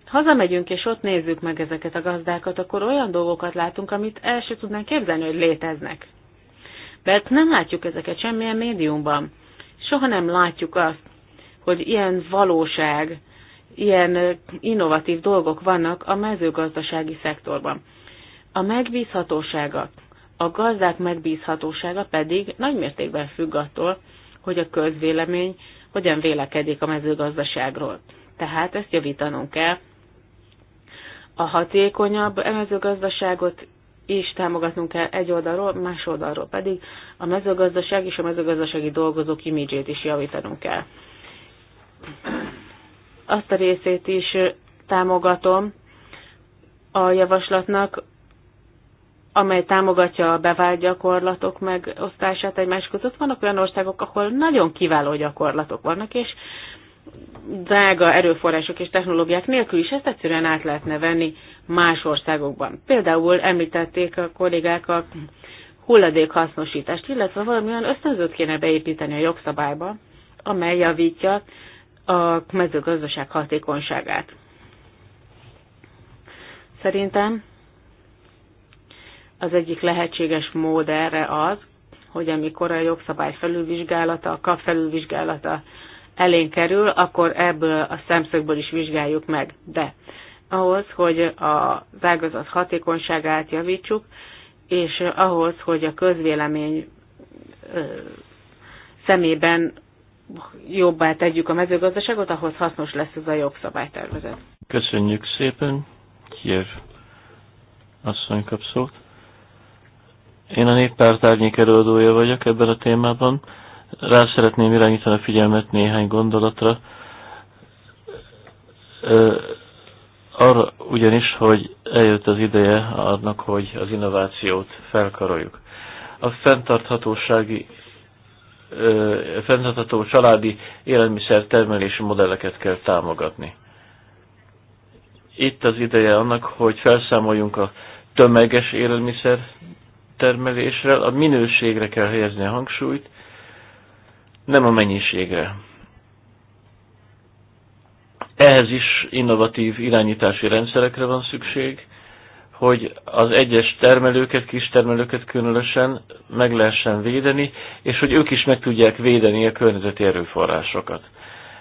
hazamegyünk, és ott nézzük meg ezeket a gazdákat, akkor olyan dolgokat látunk, amit el sem tudnánk képzelni, hogy léteznek. Mert nem látjuk ezeket semmilyen médiumban. Soha nem látjuk azt, hogy ilyen valóság, ilyen innovatív dolgok vannak a mezőgazdasági szektorban. A megbízhatósága, a gazdák megbízhatósága pedig nagymértékben függ attól, hogy a közvélemény hogyan vélekedik a mezőgazdaságról. Tehát ezt javítanunk kell. A hatékonyabb mezőgazdaságot is támogatnunk kell egy oldalról, más oldalról pedig a mezőgazdaság és a mezőgazdasági dolgozók imidzsét is javítanunk kell. Azt a részét is támogatom a javaslatnak, amely támogatja a bevált gyakorlatok megosztását egymás között. Vannak olyan országok, ahol nagyon kiváló gyakorlatok vannak, és drága erőforrások és technológiák nélkül is ezt egyszerűen át lehetne venni más országokban. Például említették a kollégák a hulladékhasznosítást, illetve valamilyen ösztönzőt kéne beépíteni a jogszabályba, amely javítja a mezőgazdaság hatékonyságát. Szerintem az egyik lehetséges mód erre az, hogy amikor a jogszabály felülvizsgálata, a kap felülvizsgálata elén kerül, akkor ebből a szemszögből is vizsgáljuk meg. De ahhoz, hogy az ágazat hatékonyságát javítsuk, és ahhoz, hogy a közvélemény szemében jobbá tegyük a mezőgazdaságot, ahhoz hasznos lesz ez a jogszabálytervezet. Köszönjük szépen. Kiev asszony kapszót. szót. Én a néppárt árnyék előadója vagyok ebben a témában. Rá szeretném irányítani a figyelmet néhány gondolatra. Arra ugyanis, hogy eljött az ideje annak, hogy az innovációt felkaroljuk. A fenntarthatósági fenntartható családi élelmiszer termelési modelleket kell támogatni. Itt az ideje annak, hogy felszámoljunk a tömeges élelmiszer termelésre, a minőségre kell helyezni a hangsúlyt, nem a mennyiségre. Ehhez is innovatív irányítási rendszerekre van szükség, hogy az egyes termelőket, termelőket különösen meg lehessen védeni, és hogy ők is meg tudják védeni a környezeti erőforrásokat.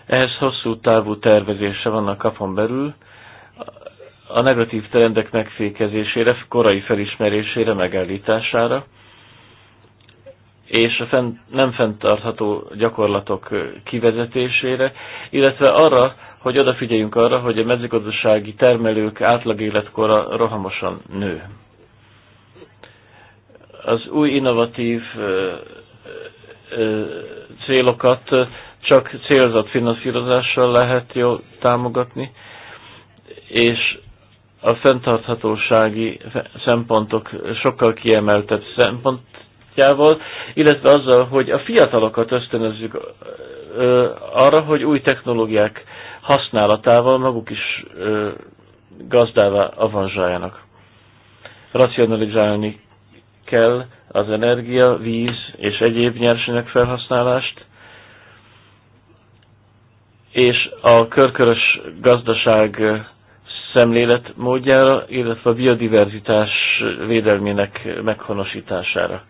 Ehhez hosszú távú tervezése van a kapon belül, a negatív trendek megfékezésére, korai felismerésére, megállítására, és a fent, nem fenntartható gyakorlatok kivezetésére, illetve arra, hogy odafigyeljünk arra, hogy a mezőgazdasági termelők átlag életkora rohamosan nő. Az új innovatív ö, ö, célokat csak célzott finanszírozással lehet jól támogatni, és a fenntarthatósági szempontok sokkal kiemeltebb szempontjával, illetve azzal, hogy a fiatalokat ösztönözzük arra, hogy új technológiák használatával maguk is gazdává avanzsáljanak. Racionalizálni kell az energia, víz és egyéb nyersanyag felhasználást, és a körkörös gazdaság szemléletmódjára, illetve a biodiverzitás védelmének meghonosítására.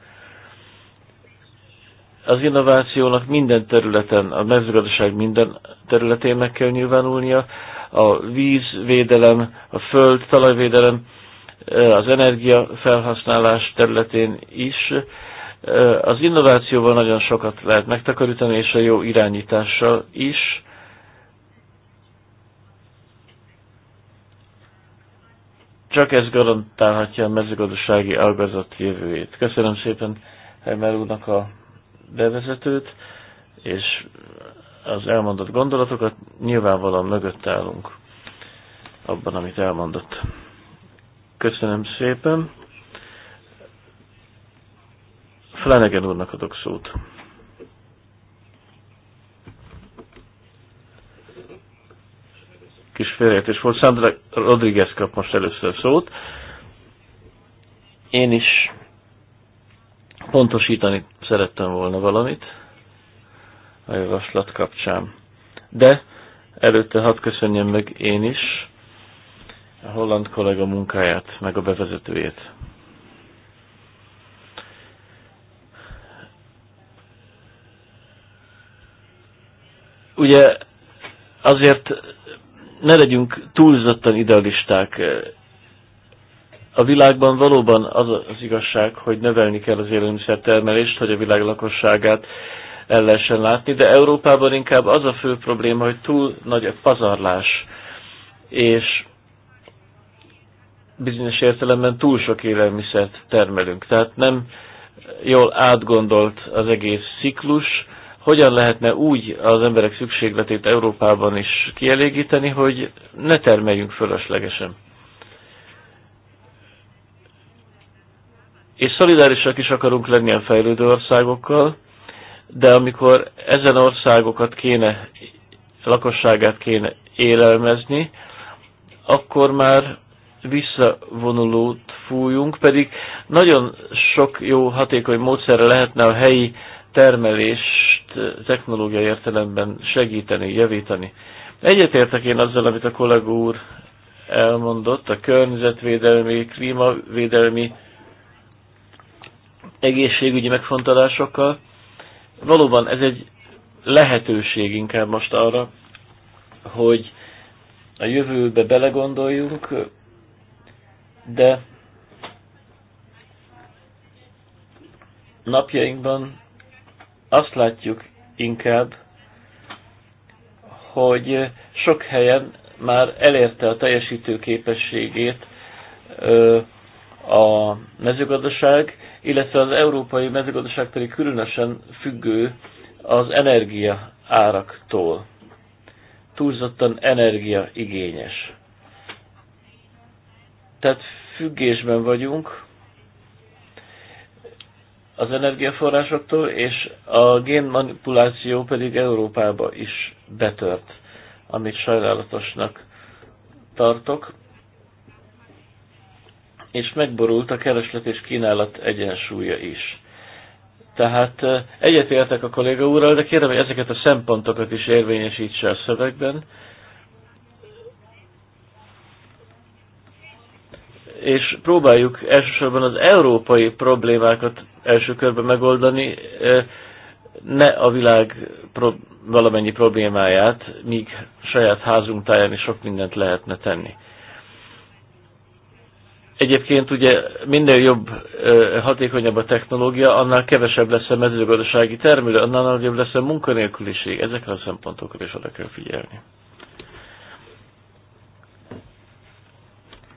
Az innovációnak minden területen, a mezőgazdaság minden területén meg kell nyilvánulnia, a vízvédelem, a föld, talajvédelem, az energiafelhasználás területén is. Az innovációval nagyon sokat lehet megtakarítani, és a jó irányítással is Csak ez garantálhatja a mezőgazdasági ágazat jövőjét. Köszönöm szépen Heimer úrnak a bevezetőt, és az elmondott gondolatokat nyilvánvalóan mögött állunk abban, amit elmondott. Köszönöm szépen. Flanagan úrnak adok szót. kis félreértés volt. Sandra Rodriguez kap most először szót. Én is pontosítani szerettem volna valamit a javaslat kapcsán. De előtte hadd köszönjem meg én is a holland kollega munkáját, meg a bevezetőjét. Ugye azért ne legyünk túlzottan idealisták. A világban valóban az az igazság, hogy növelni kell az élelmiszertermelést, hogy a világ lakosságát el lehessen látni, de Európában inkább az a fő probléma, hogy túl nagy a pazarlás, és bizonyos értelemben túl sok élelmiszert termelünk. Tehát nem jól átgondolt az egész ciklus, hogyan lehetne úgy az emberek szükségletét Európában is kielégíteni, hogy ne termeljünk fölöslegesen. És szolidárisak is akarunk lenni a fejlődő országokkal, de amikor ezen országokat kéne, lakosságát kéne élelmezni, akkor már visszavonulót fújunk, pedig nagyon sok jó hatékony módszerre lehetne a helyi termelést technológiai értelemben segíteni, javítani. Egyetértek én azzal, amit a kollega úr elmondott, a környezetvédelmi, klímavédelmi, egészségügyi megfontolásokkal. Valóban ez egy lehetőség inkább most arra, hogy a jövőbe belegondoljunk, de napjainkban azt látjuk inkább, hogy sok helyen már elérte a teljesítő képességét a mezőgazdaság, illetve az európai mezőgazdaság pedig különösen függő az energia áraktól. Túlzottan energiaigényes. Tehát függésben vagyunk az energiaforrásoktól, és a génmanipuláció pedig Európába is betört, amit sajnálatosnak tartok, és megborult a kereslet és kínálat egyensúlya is. Tehát eh, egyetértek a kolléga úrral, de kérem, hogy ezeket a szempontokat is érvényesítse a szövegben, és próbáljuk elsősorban az európai problémákat első körben megoldani, ne a világ pro- valamennyi problémáját, míg saját házunk táján is sok mindent lehetne tenni. Egyébként ugye minden jobb, hatékonyabb a technológia, annál kevesebb lesz a mezőgazdasági termelő, annál nagyobb lesz a munkanélküliség. Ezekre a szempontokra is oda kell figyelni.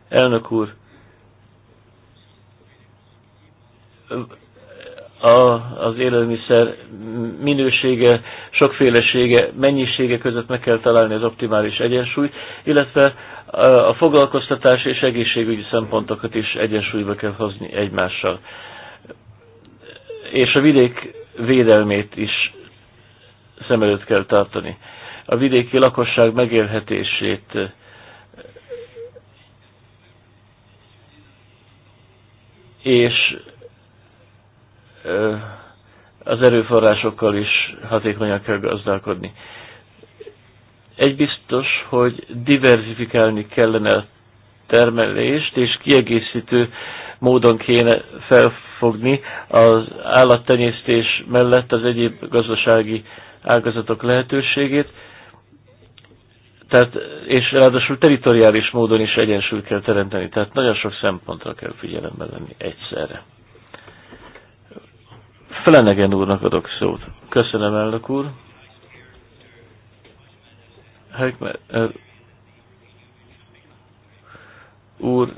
Elnök úr, a, az élelmiszer minősége, sokfélesége, mennyisége között meg kell találni az optimális egyensúlyt, illetve a foglalkoztatás és egészségügyi szempontokat is egyensúlyba kell hozni egymással. És a vidék védelmét is szem előtt kell tartani. A vidéki lakosság megélhetését és az erőforrásokkal is hatékonyan kell gazdálkodni. Egy biztos, hogy diverzifikálni kellene a termelést, és kiegészítő módon kéne felfogni az állattenyésztés mellett az egyéb gazdasági ágazatok lehetőségét, tehát, és ráadásul teritoriális módon is egyensúlyt kell teremteni, tehát nagyon sok szempontra kell figyelembe lenni egyszerre. Felenegen úrnak adok szót. Köszönöm, elnök úr. Heikmer úrnak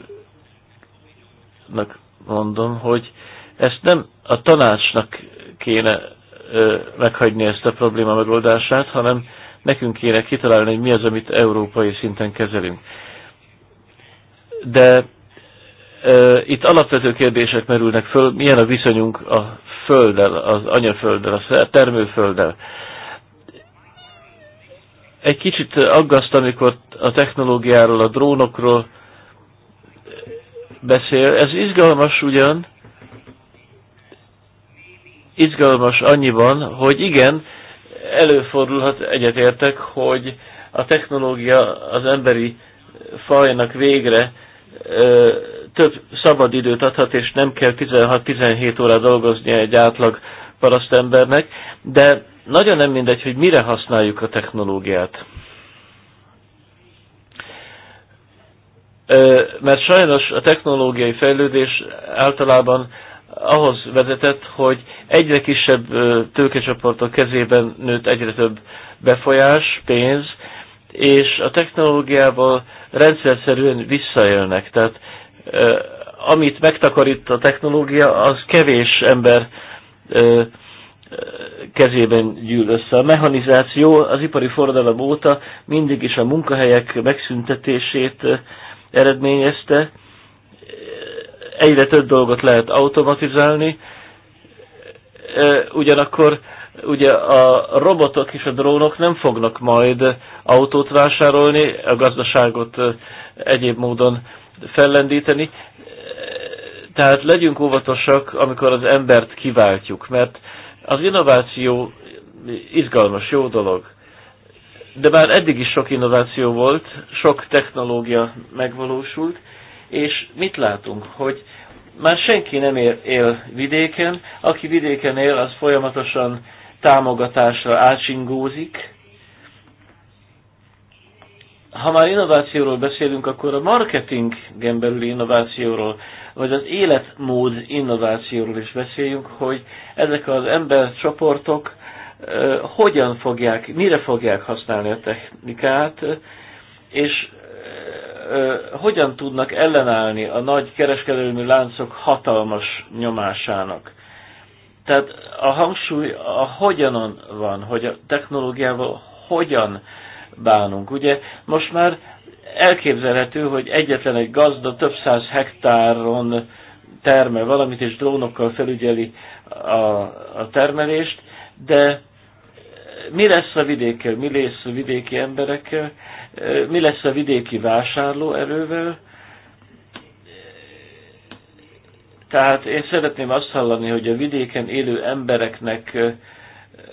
mondom, hogy ezt nem a tanácsnak kéne ö, meghagyni ezt a probléma megoldását, hanem nekünk kéne kitalálni, hogy mi az, amit európai szinten kezelünk. De itt alapvető kérdések merülnek föl, milyen a viszonyunk a földdel, az anyafölddel, a termőfölddel. Egy kicsit aggaszt, amikor a technológiáról, a drónokról beszél. Ez izgalmas ugyan, izgalmas annyiban, hogy igen, előfordulhat, egyetértek, hogy a technológia az emberi fajnak végre több szabad időt adhat, és nem kell 16-17 óra dolgoznia egy átlag parasztembernek, de nagyon nem mindegy, hogy mire használjuk a technológiát. Mert sajnos a technológiai fejlődés általában ahhoz vezetett, hogy egyre kisebb tőkecsoportok kezében nőtt egyre több befolyás, pénz, és a technológiával rendszerszerűen visszaélnek. Tehát amit megtakarít a technológia, az kevés ember kezében gyűl össze. A mechanizáció az ipari forradalom óta mindig is a munkahelyek megszüntetését eredményezte. Egyre több dolgot lehet automatizálni, ugyanakkor Ugye a robotok és a drónok nem fognak majd autót vásárolni, a gazdaságot egyéb módon fellendíteni. Tehát legyünk óvatosak, amikor az embert kiváltjuk, mert az innováció izgalmas, jó dolog. De már eddig is sok innováció volt, sok technológia megvalósult, és mit látunk, hogy már senki nem él, él vidéken, aki vidéken él, az folyamatosan támogatásra ácsingózik. Ha már innovációról beszélünk, akkor a marketing belüli innovációról, vagy az életmód innovációról is beszéljünk, hogy ezek az embercsoportok hogyan fogják, mire fogják használni a technikát, és hogyan tudnak ellenállni a nagy kereskedelmi láncok hatalmas nyomásának. Tehát a hangsúly a hogyanon van, hogy a technológiával hogyan bánunk. Ugye most már elképzelhető, hogy egyetlen egy gazda több száz hektáron termel valamit, és drónokkal felügyeli a, a termelést, de mi lesz a vidékkel, mi lesz a vidéki emberekkel, mi lesz a vidéki vásárlóerővel, Tehát én szeretném azt hallani, hogy a vidéken élő embereknek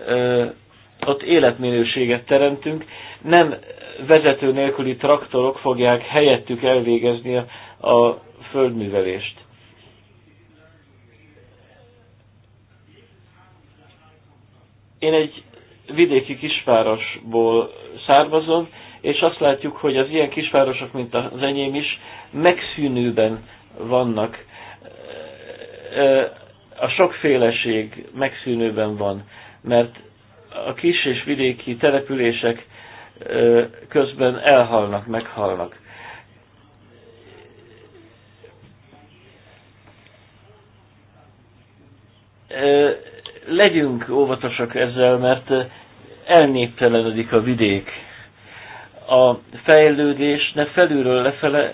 ö, ott életminőséget teremtünk, nem vezető nélküli traktorok fogják helyettük elvégezni a, a földművelést. Én egy vidéki kisvárosból származom, és azt látjuk, hogy az ilyen kisvárosok, mint az enyém is, megszűnőben vannak a sokféleség megszűnőben van, mert a kis és vidéki települések közben elhalnak, meghalnak. Legyünk óvatosak ezzel, mert elnéptelenedik a vidék. A fejlődés ne felülről lefele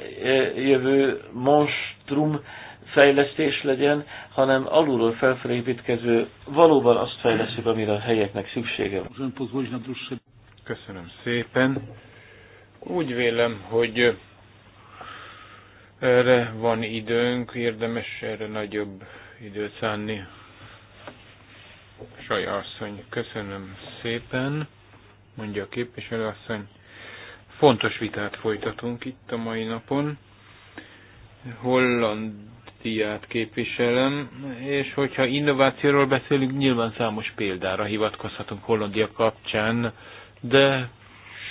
jövő monstrum, fejlesztés legyen, hanem alulról felfelé építkező, valóban azt fejleszünk, amire a helyeknek szüksége van. Köszönöm szépen. Úgy vélem, hogy erre van időnk, érdemes erre nagyobb időt szánni. Saja asszony, köszönöm szépen, mondja a képviselő asszony. Fontos vitát folytatunk itt a mai napon. Holland Szlovákiát képviselem, és hogyha innovációról beszélünk, nyilván számos példára hivatkozhatunk Hollandia kapcsán, de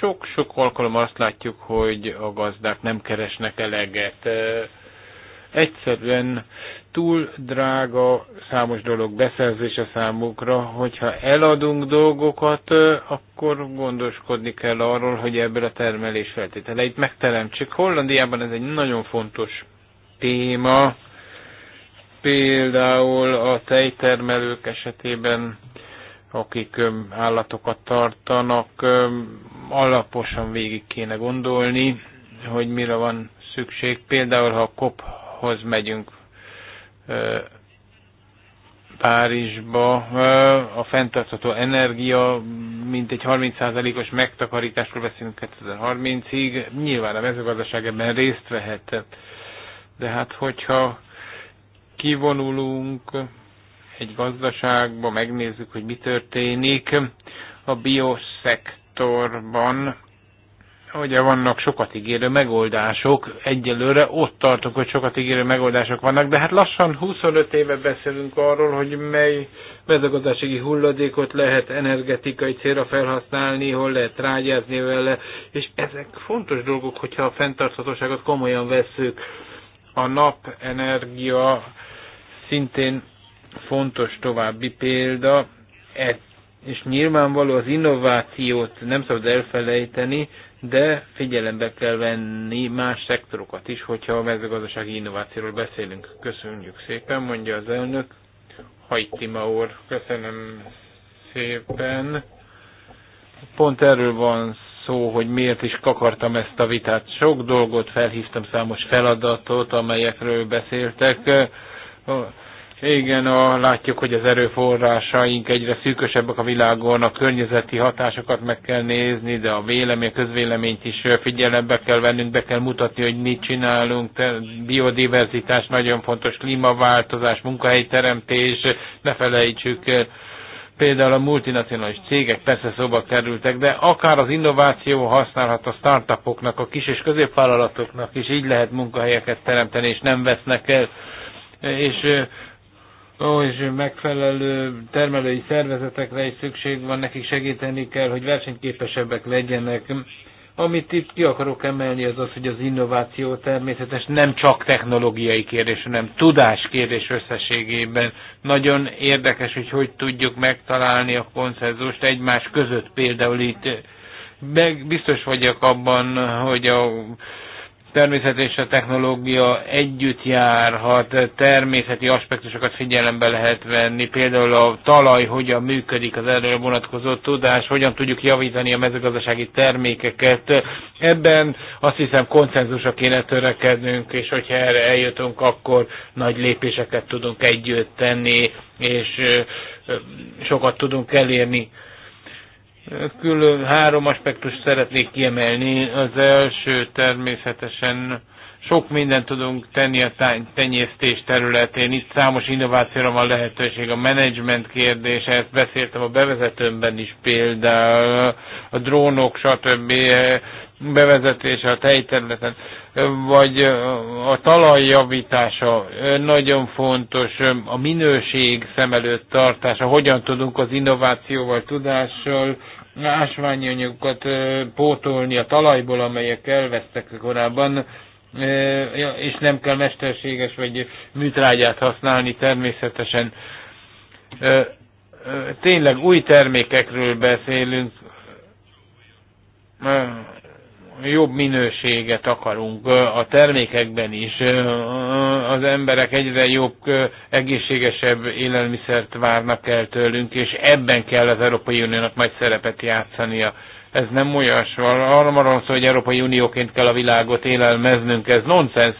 sok-sok alkalommal azt látjuk, hogy a gazdák nem keresnek eleget. Egyszerűen túl drága számos dolog beszerzése számukra, hogyha eladunk dolgokat, akkor gondoskodni kell arról, hogy ebből a termelés feltételeit megteremtsük. Hollandiában ez egy nagyon fontos téma, Például a tejtermelők esetében, akik állatokat tartanak, alaposan végig kéne gondolni, hogy mire van szükség. Például, ha a kophoz megyünk Párizsba, a fenntartható energia mintegy 30%-os megtakarításról beszélünk 2030-ig. Nyilván a mezőgazdaság ebben részt vehet. De hát, hogyha kivonulunk egy gazdaságba, megnézzük, hogy mi történik a bioszektorban. Ugye vannak sokat ígérő megoldások, egyelőre ott tartok, hogy sokat ígérő megoldások vannak, de hát lassan 25 éve beszélünk arról, hogy mely mezőgazdasági hulladékot lehet energetikai célra felhasználni, hol lehet rágyázni vele, és ezek fontos dolgok, hogyha a fenntarthatóságot komolyan vesszük. A napenergia szintén fontos további példa, e- és nyilvánvaló az innovációt nem szabad elfelejteni, de figyelembe kell venni más szektorokat is, hogyha a mezőgazdasági innovációról beszélünk. Köszönjük szépen, mondja az elnök. Hajti Maur, köszönöm szépen. Pont erről van szó, hogy miért is kakartam ezt a vitát. Sok dolgot felhívtam, számos feladatot, amelyekről beszéltek igen, a, látjuk, hogy az erőforrásaink egyre szűkösebbek a világon, a környezeti hatásokat meg kell nézni, de a vélemény, a közvéleményt is figyelembe kell vennünk, be kell mutatni, hogy mit csinálunk. Biodiverzitás nagyon fontos, klímaváltozás, munkahelyteremtés, ne felejtsük például a multinacionális cégek persze szóba kerültek, de akár az innováció használhat a startupoknak, a kis és középvállalatoknak is, így lehet munkahelyeket teremteni, és nem vesznek el és Ó, és megfelelő termelői szervezetekre is szükség van, nekik segíteni kell, hogy versenyképesebbek legyenek. Amit itt ki akarok emelni, az az, hogy az innováció természetes nem csak technológiai kérdés, hanem tudás kérdés összességében. Nagyon érdekes, hogy hogy tudjuk megtalálni a konszenzust egymás között például itt. Meg biztos vagyok abban, hogy a természet és a technológia együtt járhat, természeti aspektusokat figyelembe lehet venni, például a talaj hogyan működik, az erre vonatkozó tudás, hogyan tudjuk javítani a mezőgazdasági termékeket. Ebben azt hiszem konszenzusra kéne törekednünk, és hogyha erre eljutunk, akkor nagy lépéseket tudunk együtt tenni, és sokat tudunk elérni Külön három aspektust szeretnék kiemelni. Az első természetesen sok mindent tudunk tenni a tenyésztés területén. Itt számos innovációra van lehetőség. A menedzsment kérdése, ezt beszéltem a bevezetőmben is például, a drónok, stb. bevezetése a tejterületen, vagy a talaj javítása nagyon fontos, a minőség szem előtt tartása, hogyan tudunk az innovációval, tudással ásványi anyagokat pótolni a talajból, amelyek elvesztek korábban, és nem kell mesterséges vagy műtrágyát használni természetesen. Tényleg új termékekről beszélünk, jobb minőséget akarunk a termékekben is. Az emberek egyre jobb, egészségesebb élelmiszert várnak el tőlünk, és ebben kell az Európai Uniónak nagy szerepet játszania. Ez nem olyas, arra van szó, hogy Európai Unióként kell a világot élelmeznünk, ez nonsens,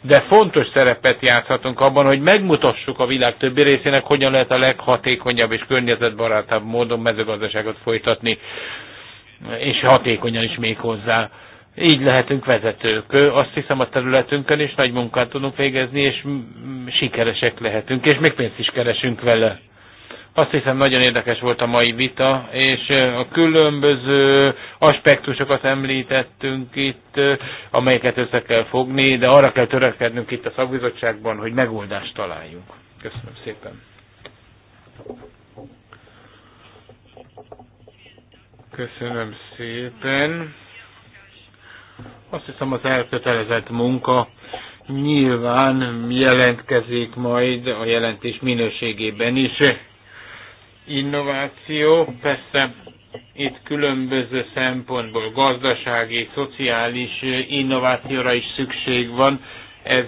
de fontos szerepet játszhatunk abban, hogy megmutassuk a világ többi részének, hogyan lehet a leghatékonyabb és környezetbarátabb módon mezőgazdaságot folytatni és hatékonyan is még hozzá. Így lehetünk vezetők. Azt hiszem a területünkön is nagy munkát tudunk végezni, és sikeresek lehetünk, és még pénzt is keresünk vele. Azt hiszem nagyon érdekes volt a mai vita, és a különböző aspektusokat említettünk itt, amelyeket össze kell fogni, de arra kell törekednünk itt a szakbizottságban, hogy megoldást találjunk. Köszönöm szépen. Köszönöm szépen. Azt hiszem az elkötelezett munka nyilván jelentkezik majd a jelentés minőségében is. Innováció, persze itt különböző szempontból gazdasági, szociális innovációra is szükség van. Ez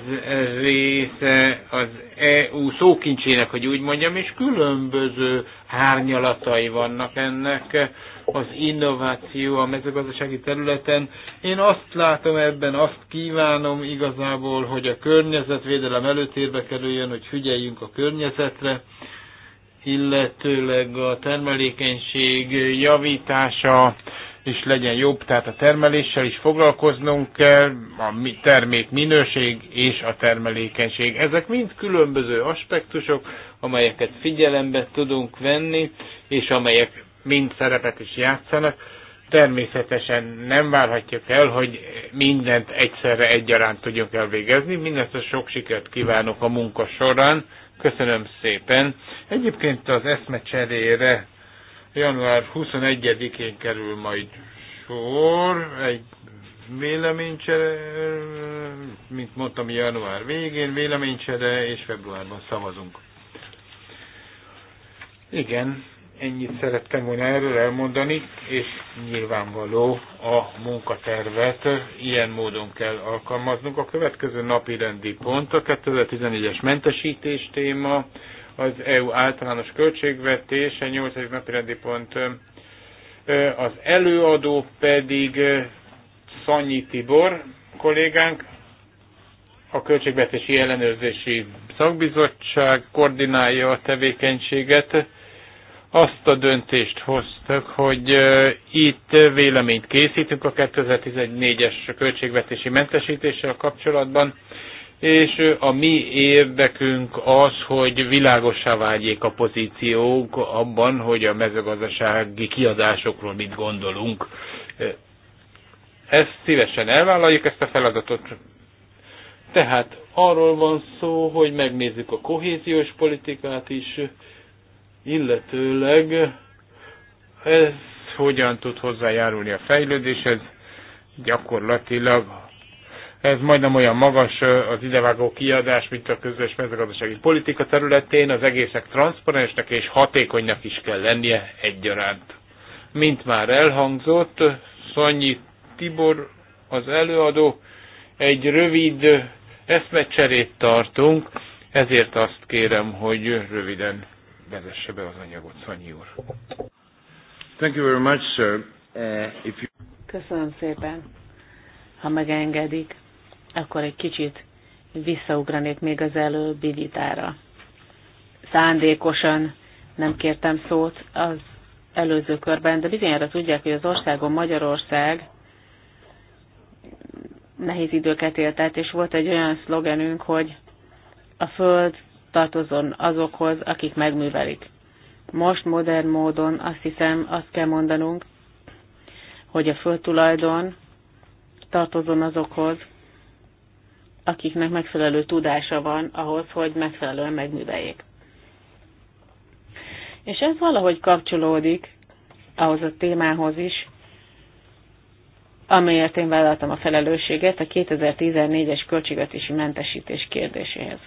része az EU szókincsének, hogy úgy mondjam, és különböző hárnyalatai vannak ennek az innováció a mezőgazdasági területen. Én azt látom ebben, azt kívánom igazából, hogy a környezetvédelem előtérbe kerüljön, hogy figyeljünk a környezetre, illetőleg a termelékenység javítása is legyen jobb, tehát a termeléssel is foglalkoznunk kell, a termék minőség és a termelékenység. Ezek mind különböző aspektusok, amelyeket figyelembe tudunk venni, és amelyek mind szerepet is játszanak. Természetesen nem várhatjuk el, hogy mindent egyszerre egyaránt tudjunk elvégezni. Mindezt a sok sikert kívánok a munka során. Köszönöm szépen. Egyébként az cserére január 21-én kerül majd sor, egy véleménycsere, mint mondtam, január végén véleménycsere, és februárban szavazunk. Igen, Ennyit szerettem volna erről elmondani, és nyilvánvaló a munkatervet ilyen módon kell alkalmaznunk. A következő napi rendi pont a 2014-es mentesítés téma, az EU általános költségvetése, 8. napi rendi pont. Az előadó pedig Szanyi Tibor kollégánk, a Költségvetési Ellenőrzési Szakbizottság koordinálja a tevékenységet azt a döntést hoztak, hogy itt véleményt készítünk a 2014-es költségvetési mentesítéssel kapcsolatban, és a mi érdekünk az, hogy világosá vágyék a pozíciók abban, hogy a mezőgazdasági kiadásokról mit gondolunk. Ezt szívesen elvállaljuk, ezt a feladatot. Tehát arról van szó, hogy megnézzük a kohéziós politikát is, illetőleg ez hogyan tud hozzájárulni a fejlődéshez, gyakorlatilag ez majdnem olyan magas az idevágó kiadás, mint a közös mezőgazdasági politika területén, az egészek transzparensnek és hatékonynak is kell lennie egyaránt. Mint már elhangzott, Szanyi Tibor az előadó, egy rövid eszmecserét tartunk, ezért azt kérem, hogy röviden vezesse be az anyagot, Szanyi úr. Thank you very much, sir. Uh, if you... Köszönöm szépen. Ha megengedik, akkor egy kicsit visszaugranék még az előbbi vitára. Szándékosan nem kértem szót az előző körben, de bizonyára tudják, hogy az országon Magyarország nehéz időket élt és volt egy olyan szlogenünk, hogy a föld tartozon azokhoz, akik megművelik. Most modern módon azt hiszem, azt kell mondanunk, hogy a földtulajdon tartozon azokhoz, akiknek megfelelő tudása van ahhoz, hogy megfelelően megműveljék. És ez valahogy kapcsolódik ahhoz a témához is, amelyért én vállaltam a felelősséget, a 2014-es költségvetési mentesítés kérdéséhez.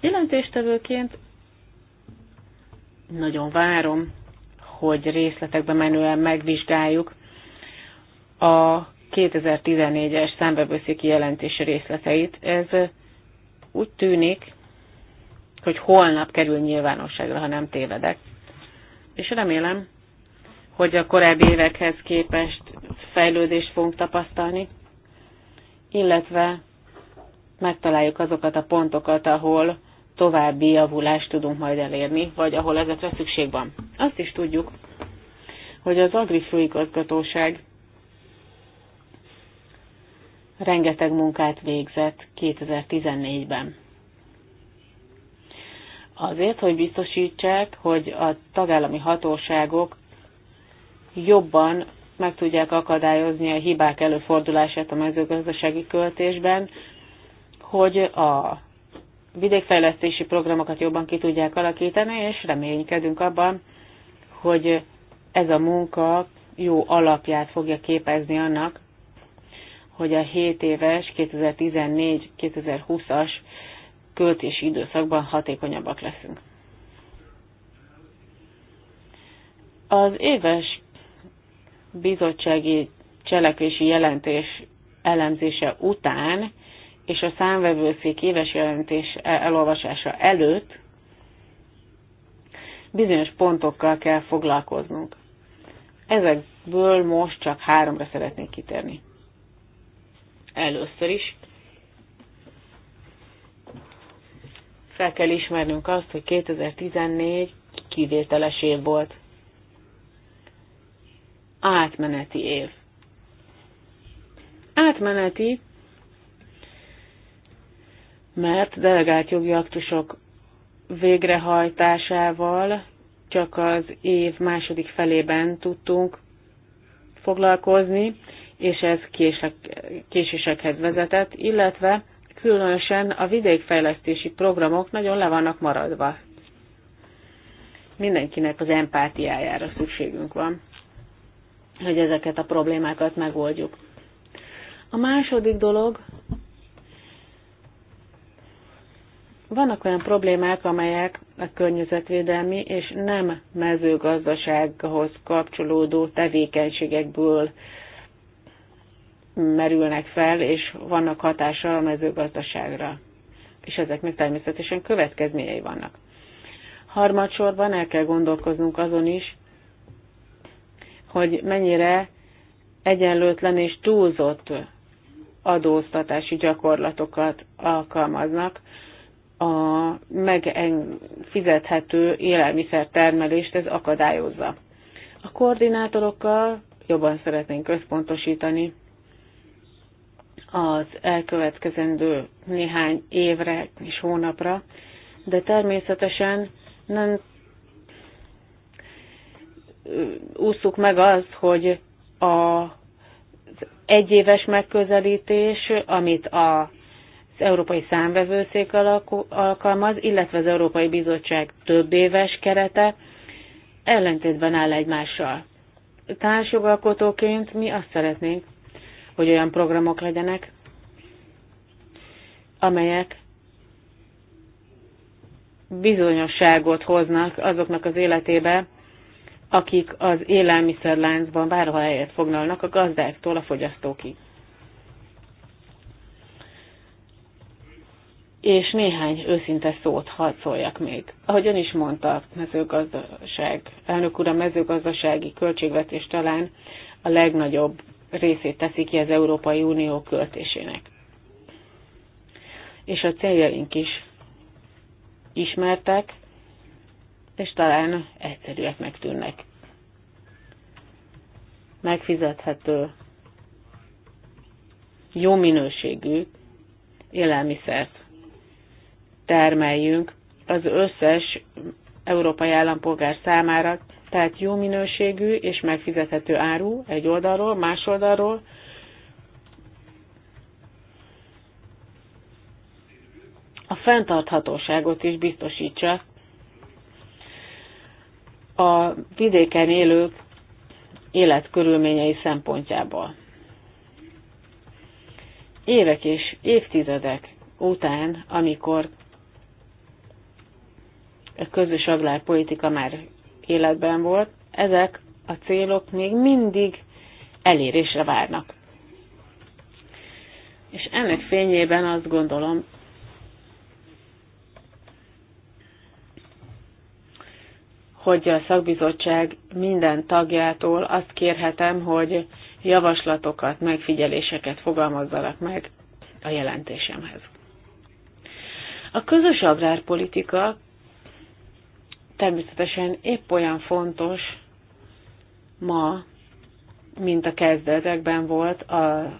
Jelentéstevőként nagyon várom, hogy részletekbe menően megvizsgáljuk a 2014-es számbevőszéki jelentés részleteit. Ez úgy tűnik, hogy holnap kerül nyilvánosságra, ha nem tévedek. És remélem, hogy a korábbi évekhez képest fejlődést fogunk tapasztalni, illetve megtaláljuk azokat a pontokat, ahol további javulást tudunk majd elérni, vagy ahol ezekre szükség van. Azt is tudjuk, hogy az Agri főigazgatóság rengeteg munkát végzett 2014-ben. Azért, hogy biztosítsák, hogy a tagállami hatóságok jobban meg tudják akadályozni a hibák előfordulását a mezőgazdasági költésben, hogy a vidékfejlesztési programokat jobban ki tudják alakítani, és reménykedünk abban, hogy ez a munka jó alapját fogja képezni annak, hogy a 7 éves 2014-2020-as költési időszakban hatékonyabbak leszünk. Az éves bizottsági cselekvési jelentés elemzése után és a számvevőszék éves jelentés e- elolvasása előtt bizonyos pontokkal kell foglalkoznunk. Ezekből most csak háromra szeretnék kitérni. Először is fel kell ismernünk azt, hogy 2014 kivételes év volt. Átmeneti év. Átmeneti mert delegált jogi aktusok végrehajtásával csak az év második felében tudtunk foglalkozni, és ez kések, késésekhez vezetett, illetve különösen a vidékfejlesztési programok nagyon le vannak maradva. Mindenkinek az empátiájára szükségünk van, hogy ezeket a problémákat megoldjuk. A második dolog Vannak olyan problémák, amelyek a környezetvédelmi és nem mezőgazdasághoz kapcsolódó tevékenységekből merülnek fel, és vannak hatással a mezőgazdaságra. És ezeknek természetesen következményei vannak. Harmadsorban el kell gondolkoznunk azon is, hogy mennyire egyenlőtlen és túlzott adóztatási gyakorlatokat alkalmaznak, a megfizethető élelmiszertermelést ez akadályozza. A koordinátorokkal jobban szeretnénk központosítani az elkövetkezendő néhány évre és hónapra, de természetesen nem ússzuk meg azt, hogy a egyéves megközelítés, amit a Európai Számvevőszék alkalmaz, illetve az Európai Bizottság több éves kerete ellentétben áll egymással. Társjogalkotóként mi azt szeretnénk, hogy olyan programok legyenek, amelyek bizonyosságot hoznak azoknak az életébe, akik az élelmiszerláncban bárhol helyet foglalnak a gazdáktól a fogyasztókig. és néhány őszinte szót harcoljak még. Ahogy ön is mondta, mezőgazdaság, elnök úr, a mezőgazdasági költségvetés talán a legnagyobb részét teszi ki az Európai Unió költésének. És a céljaink is ismertek, és talán egyszerűek megtűnnek. Megfizethető, jó minőségű élelmiszert termeljünk az összes európai állampolgár számára, tehát jó minőségű és megfizethető áru egy oldalról, más oldalról, a fenntarthatóságot is biztosítsa a vidéken élők életkörülményei szempontjából. Évek és évtizedek után, amikor közös agrárpolitika már életben volt, ezek a célok még mindig elérésre várnak. És ennek fényében azt gondolom, hogy a szakbizottság minden tagjától azt kérhetem, hogy javaslatokat, megfigyeléseket fogalmazzanak meg a jelentésemhez. A közös agrárpolitika természetesen épp olyan fontos ma, mint a kezdetekben volt a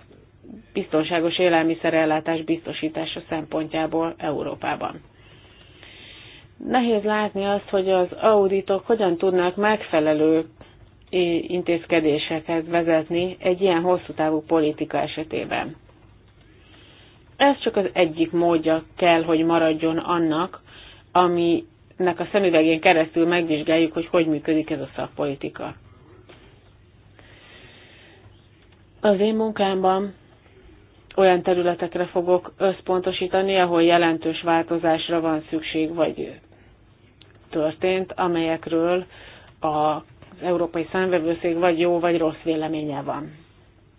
biztonságos élelmiszerellátás biztosítása szempontjából Európában. Nehéz látni azt, hogy az auditok hogyan tudnak megfelelő intézkedéseket vezetni egy ilyen hosszú távú politika esetében. Ez csak az egyik módja kell, hogy maradjon annak, ami nek a szemüvegén keresztül megvizsgáljuk, hogy hogy működik ez a szakpolitika. Az én munkámban olyan területekre fogok összpontosítani, ahol jelentős változásra van szükség, vagy történt, amelyekről az Európai Számvevőszék vagy jó, vagy rossz véleménye van.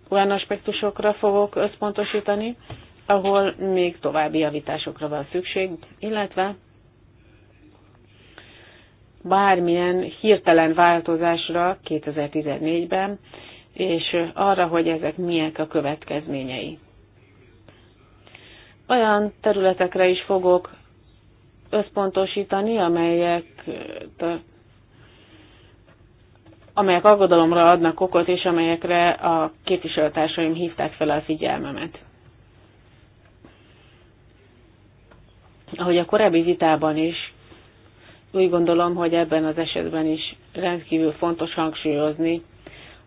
Olyan aspektusokra fogok összpontosítani, ahol még további javításokra van szükség, illetve bármilyen hirtelen változásra 2014-ben, és arra, hogy ezek milyenek a következményei. Olyan területekre is fogok összpontosítani, amelyek, amelyek aggodalomra adnak okot, és amelyekre a képviselőtársaim hívták fel a figyelmemet. Ahogy a korábbi vitában is úgy gondolom, hogy ebben az esetben is rendkívül fontos hangsúlyozni,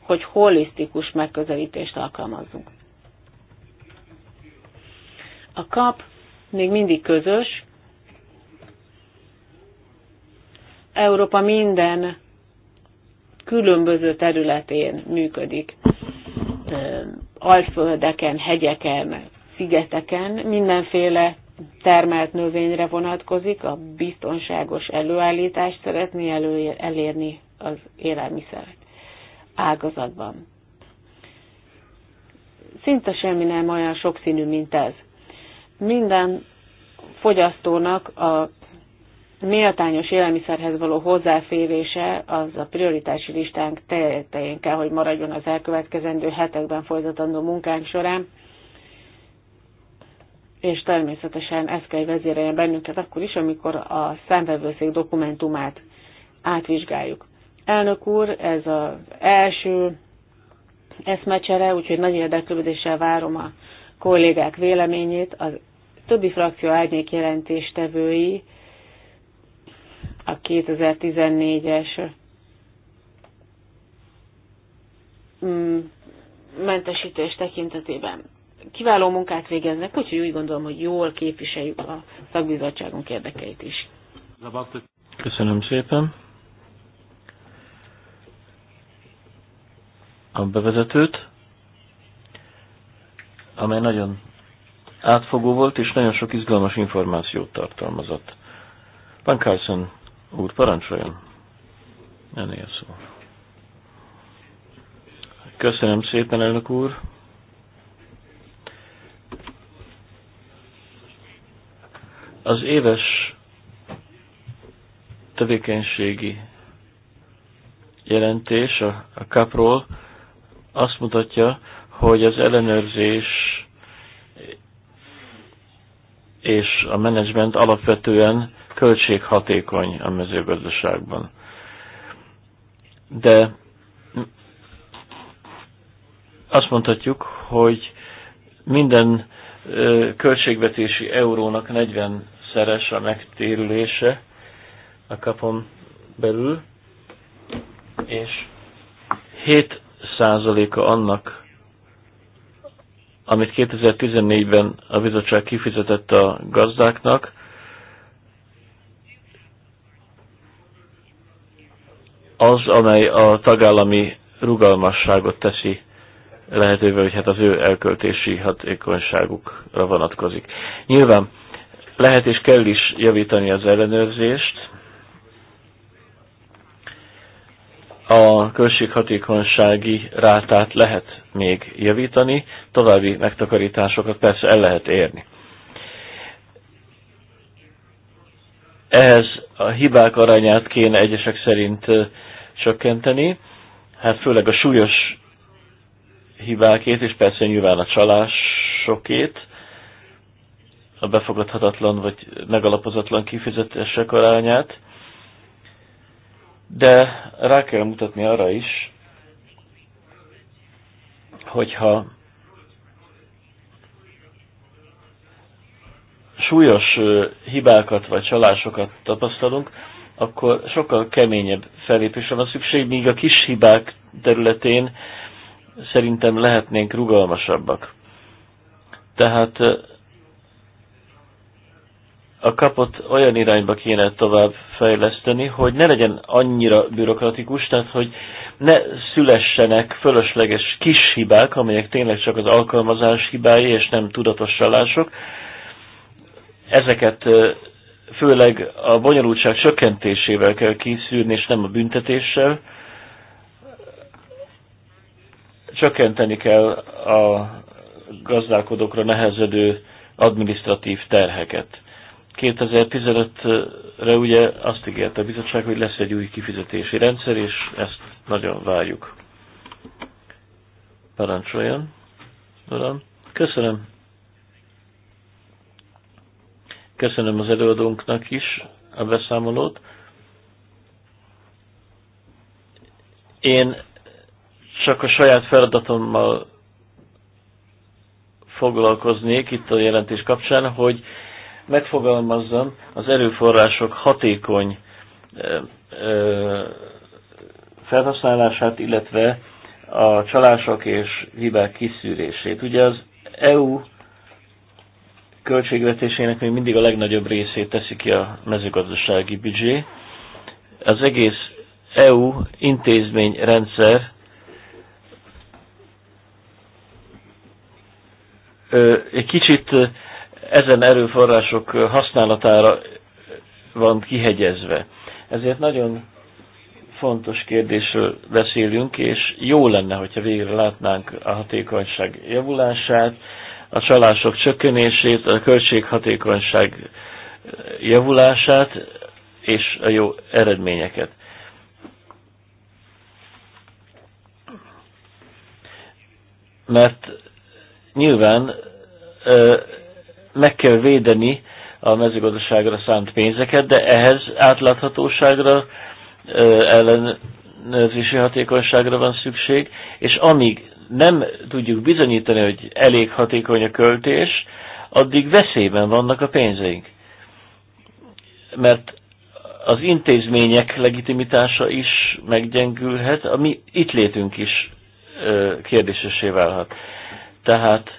hogy holisztikus megközelítést alkalmazzunk. A kap még mindig közös. Európa minden különböző területén működik. Alföldeken, hegyeken, szigeteken, mindenféle termelt növényre vonatkozik, a biztonságos előállítást szeretné elő, elérni az élelmiszer ágazatban. Szinte semmi nem olyan sokszínű, mint ez. Minden fogyasztónak a méltányos élelmiszerhez való hozzáférése az a prioritási listánk tetején kell, hogy maradjon az elkövetkezendő hetekben folytatandó munkánk során és természetesen ez kell vezérelje bennünket akkor is, amikor a számvevőszék dokumentumát átvizsgáljuk. Elnök úr, ez az első eszmecsere, úgyhogy nagy érdeklődéssel várom a kollégák véleményét. A többi frakció árnyék jelentéstevői a 2014-es mm, mentesítés tekintetében kiváló munkát végeznek, úgyhogy úgy gondolom, hogy jól képviseljük a szakbizottságunk érdekeit is. Köszönöm szépen. A bevezetőt, amely nagyon átfogó volt, és nagyon sok izgalmas információt tartalmazott. Van Carlson úr, parancsoljon. Ennél szó. Köszönöm szépen, elnök úr. Az éves tevékenységi jelentés a, a kapról azt mutatja, hogy az ellenőrzés és a menedzsment alapvetően költséghatékony a mezőgazdaságban. De azt mondhatjuk, hogy minden költségvetési eurónak 40 rendszeres a megtérülése a kapon belül, és 7 százaléka annak, amit 2014-ben a bizottság kifizetett a gazdáknak, az, amely a tagállami rugalmasságot teszi lehetővé, hogy hát az ő elköltési hatékonyságukra vonatkozik. Nyilván lehet és kell is javítani az ellenőrzést. A költséghatékonysági rátát lehet még javítani, további megtakarításokat persze el lehet érni. Ehhez a hibák arányát kéne egyesek szerint csökkenteni, hát főleg a súlyos hibákét, és persze nyilván a csalásokét, a befogadhatatlan vagy megalapozatlan kifizetések arányát, de rá kell mutatni arra is, hogyha súlyos hibákat vagy csalásokat tapasztalunk, akkor sokkal keményebb fellépésre van szükség, míg a kis hibák területén szerintem lehetnénk rugalmasabbak. Tehát a kapot olyan irányba kéne tovább fejleszteni, hogy ne legyen annyira bürokratikus, tehát hogy ne szülessenek fölösleges kis hibák, amelyek tényleg csak az alkalmazás hibái és nem tudatos csalások. Ezeket főleg a bonyolultság csökkentésével kell kiszűrni, és nem a büntetéssel. Csökkenteni kell a gazdálkodókra nehezedő adminisztratív terheket 2015-re ugye azt ígérte a bizottság, hogy lesz egy új kifizetési rendszer, és ezt nagyon várjuk. Parancsoljon, uram. Köszönöm. Köszönöm az előadónknak is a beszámolót. Én csak a saját feladatommal foglalkoznék itt a jelentés kapcsán, hogy megfogalmazzam az erőforrások hatékony felhasználását, illetve a csalások és hibák kiszűrését. Ugye az EU költségvetésének még mindig a legnagyobb részét teszi ki a mezőgazdasági büdzsé. Az egész EU intézményrendszer egy kicsit ezen erőforrások használatára van kihegyezve. Ezért nagyon fontos kérdésről beszélünk, és jó lenne, hogyha végre látnánk a hatékonyság javulását, a csalások csökkenését, a költséghatékonyság javulását és a jó eredményeket. Mert nyilván meg kell védeni a mezőgazdaságra szánt pénzeket, de ehhez átláthatóságra, ellenőrzési hatékonyságra van szükség, és amíg nem tudjuk bizonyítani, hogy elég hatékony a költés, addig veszélyben vannak a pénzeink. Mert az intézmények legitimitása is meggyengülhet, ami itt létünk is kérdésesé válhat. Tehát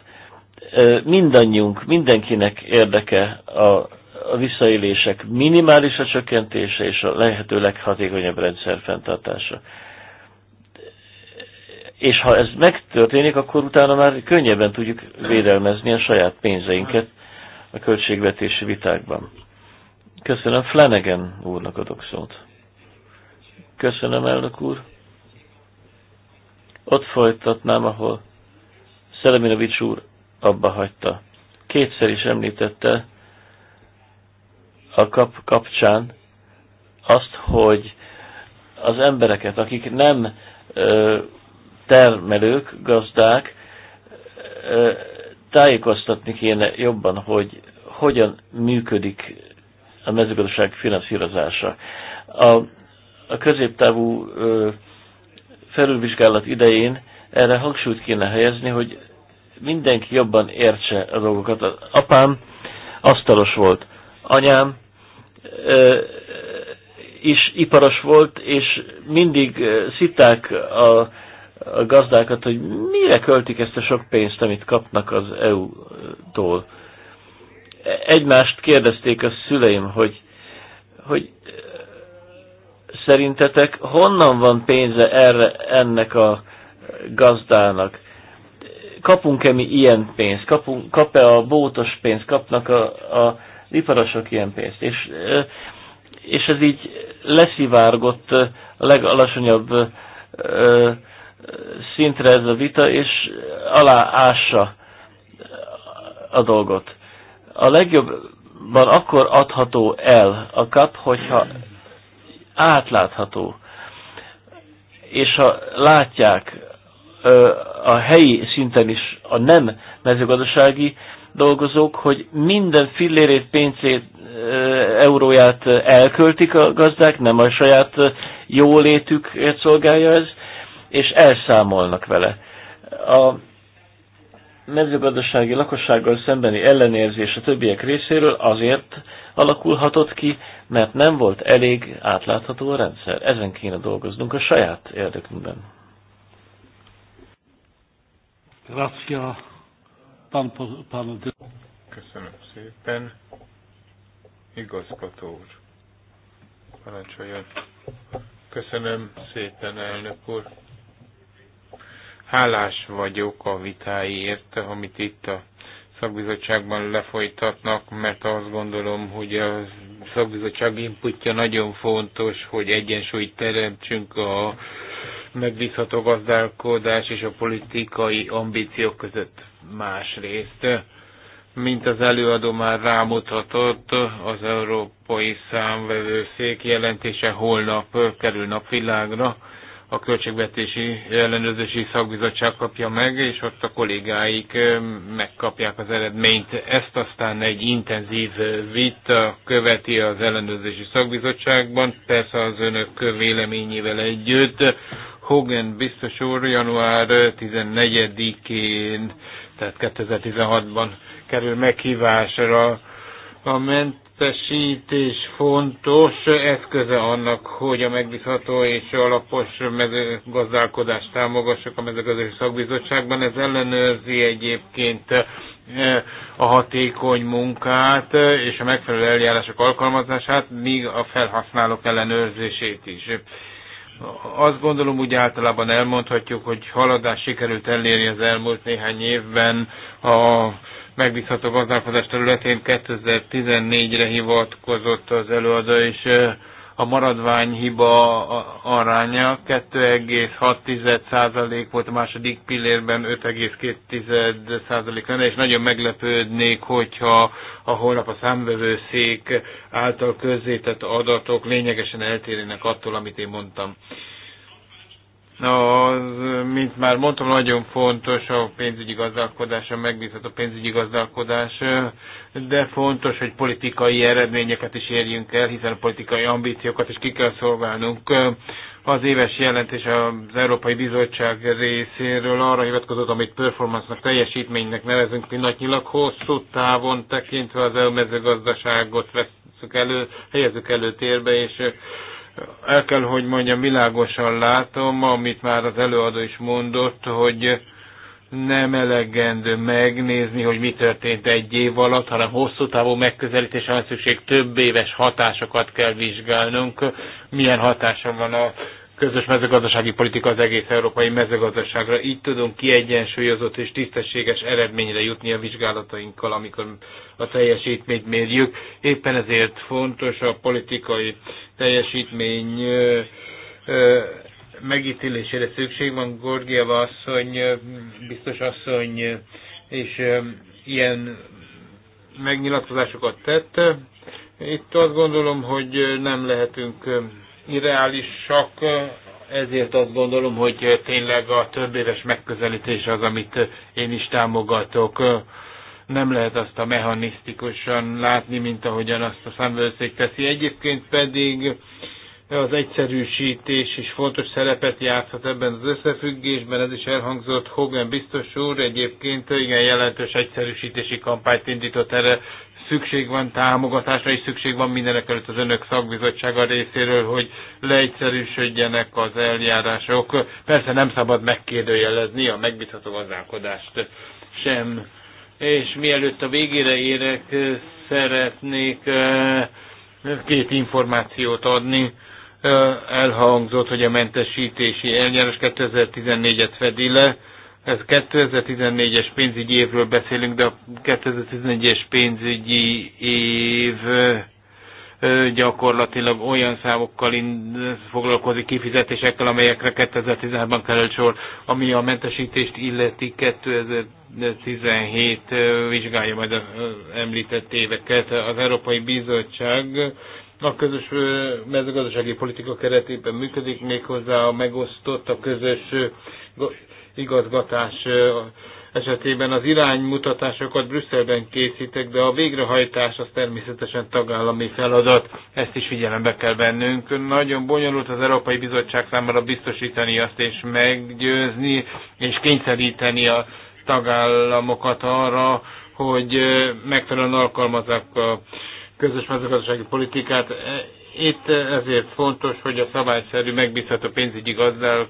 mindannyiunk, mindenkinek érdeke a a visszaélések minimális a csökkentése és a lehető leghatékonyabb rendszer fenntartása. És ha ez megtörténik, akkor utána már könnyebben tudjuk védelmezni a saját pénzeinket a költségvetési vitákban. Köszönöm, Flanagan úrnak adok szót. Köszönöm, elnök úr. Ott folytatnám, ahol Szeleminovics úr abba hagyta. Kétszer is említette a kap kapcsán azt, hogy az embereket, akik nem ö, termelők, gazdák, ö, tájékoztatni kéne jobban, hogy hogyan működik a mezőgazdaság finanszírozása. A, a középtávú ö, felülvizsgálat idején erre hangsúlyt kéne helyezni, hogy mindenki jobban értse a dolgokat. Az apám asztalos volt, anyám ö, is iparos volt, és mindig szitták a, a gazdákat, hogy mire költik ezt a sok pénzt, amit kapnak az EU-tól. Egymást kérdezték a szüleim, hogy, hogy szerintetek honnan van pénze erre ennek a gazdának? kapunk-e mi ilyen pénzt, kap-e a bótos pénzt, kapnak a, a iparosok ilyen pénzt. És, és ez így leszivárgott a legalacsonyabb szintre ez a vita, és aláássa a dolgot. A legjobban akkor adható el a kap, hogyha átlátható. És ha látják a helyi szinten is a nem mezőgazdasági dolgozók, hogy minden fillérét, pénzét, euróját elköltik a gazdák, nem a saját jólétükért szolgálja ez, és elszámolnak vele. A mezőgazdasági lakossággal szembeni ellenérzés a többiek részéről azért alakulhatott ki, mert nem volt elég átlátható a rendszer. Ezen kéne dolgoznunk a saját érdekünkben. Grazie. pan pán... Köszönöm szépen. Igazgató úr. Parancsoljon. Köszönöm szépen, elnök úr. Hálás vagyok a vitáiért, amit itt a szakbizottságban lefolytatnak, mert azt gondolom, hogy a szakbizottság inputja nagyon fontos, hogy egyensúlyt teremtsünk a megbízható gazdálkodás és a politikai ambíciók között másrészt. Mint az előadó már rámutatott, az Európai Számvevőszék jelentése holnap kerül napvilágra, a Költségvetési Ellenőrzési Szakbizottság kapja meg, és ott a kollégáik megkapják az eredményt. Ezt aztán egy intenzív vita követi az Ellenőrzési Szakbizottságban, persze az önök véleményével együtt, Hogan biztos úr január 14-én, tehát 2016-ban kerül meghívásra. A mentesítés fontos eszköze annak, hogy a megbízható és alapos mezőgazdálkodást támogassak a mezőgazdasági szakbizottságban. Ez ellenőrzi egyébként eh, a hatékony munkát és a megfelelő eljárások alkalmazását, míg a felhasználók ellenőrzését is azt gondolom úgy általában elmondhatjuk, hogy haladás sikerült elérni az elmúlt néhány évben a megbízható gazdálkodás területén 2014-re hivatkozott az előadó, és eh, a maradványhiba aránya 2,6% volt a második pillérben, 5,2% lenne, és nagyon meglepődnék, hogyha a holnap a számvevőszék által közzétett adatok lényegesen eltérnek attól, amit én mondtam. Az, mint már mondtam, nagyon fontos a pénzügyi gazdálkodás, a megbízható pénzügyi gazdálkodás, de fontos, hogy politikai eredményeket is érjünk el, hiszen a politikai ambíciókat is ki kell szolgálnunk. Az éves jelentés az Európai Bizottság részéről arra hivatkozott, amit performance-nak, teljesítménynek nevezünk pillanatnyilag, hosszú távon tekintve az EU mezőgazdaságot veszük elő, helyezzük előtérbe, és el kell, hogy mondjam, világosan látom, amit már az előadó is mondott, hogy nem elegendő megnézni, hogy mi történt egy év alatt, hanem hosszú távú megközelítésre van szükség, több éves hatásokat kell vizsgálnunk, milyen hatása van a közös mezőgazdasági politika az egész európai mezőgazdaságra. Így tudunk kiegyensúlyozott és tisztességes eredményre jutni a vizsgálatainkkal, amikor a teljesítményt mérjük. Éppen ezért fontos a politikai teljesítmény megítélésére szükség van. Gorgiev asszony, biztos asszony, és ilyen megnyilatkozásokat tett. Itt azt gondolom, hogy nem lehetünk irreálisak, ezért azt gondolom, hogy tényleg a több éves megközelítés az, amit én is támogatok nem lehet azt a mechanisztikusan látni, mint ahogyan azt a számvevőszék teszi. Egyébként pedig az egyszerűsítés is fontos szerepet játszhat ebben az összefüggésben, ez is elhangzott Hogan biztos úr, egyébként igen jelentős egyszerűsítési kampányt indított erre, szükség van támogatásra, és szükség van mindenek előtt az önök szakbizottsága részéről, hogy leegyszerűsödjenek az eljárások. Persze nem szabad megkérdőjelezni a megbízható gazdálkodást sem és mielőtt a végére érek, szeretnék két információt adni. Elhangzott, hogy a mentesítési eljárás 2014-et fedi le. Ez 2014-es pénzügyi évről beszélünk, de a 2014-es pénzügyi év gyakorlatilag olyan számokkal foglalkozik kifizetésekkel, amelyekre 2016-ban került sor, ami a mentesítést illeti 2017 vizsgálja majd az említett éveket. Az Európai Bizottság a közös mezőgazdasági politika keretében működik, méghozzá a megosztott, a közös igazgatás esetében az iránymutatásokat Brüsszelben készítek, de a végrehajtás az természetesen tagállami feladat, ezt is figyelembe kell vennünk. Nagyon bonyolult az Európai Bizottság számára biztosítani azt és meggyőzni és kényszeríteni a tagállamokat arra, hogy megfelelően alkalmazzák a közös mezőgazdasági politikát. Itt ezért fontos, hogy a szabályszerű megbízható pénzügyi gazdálkodás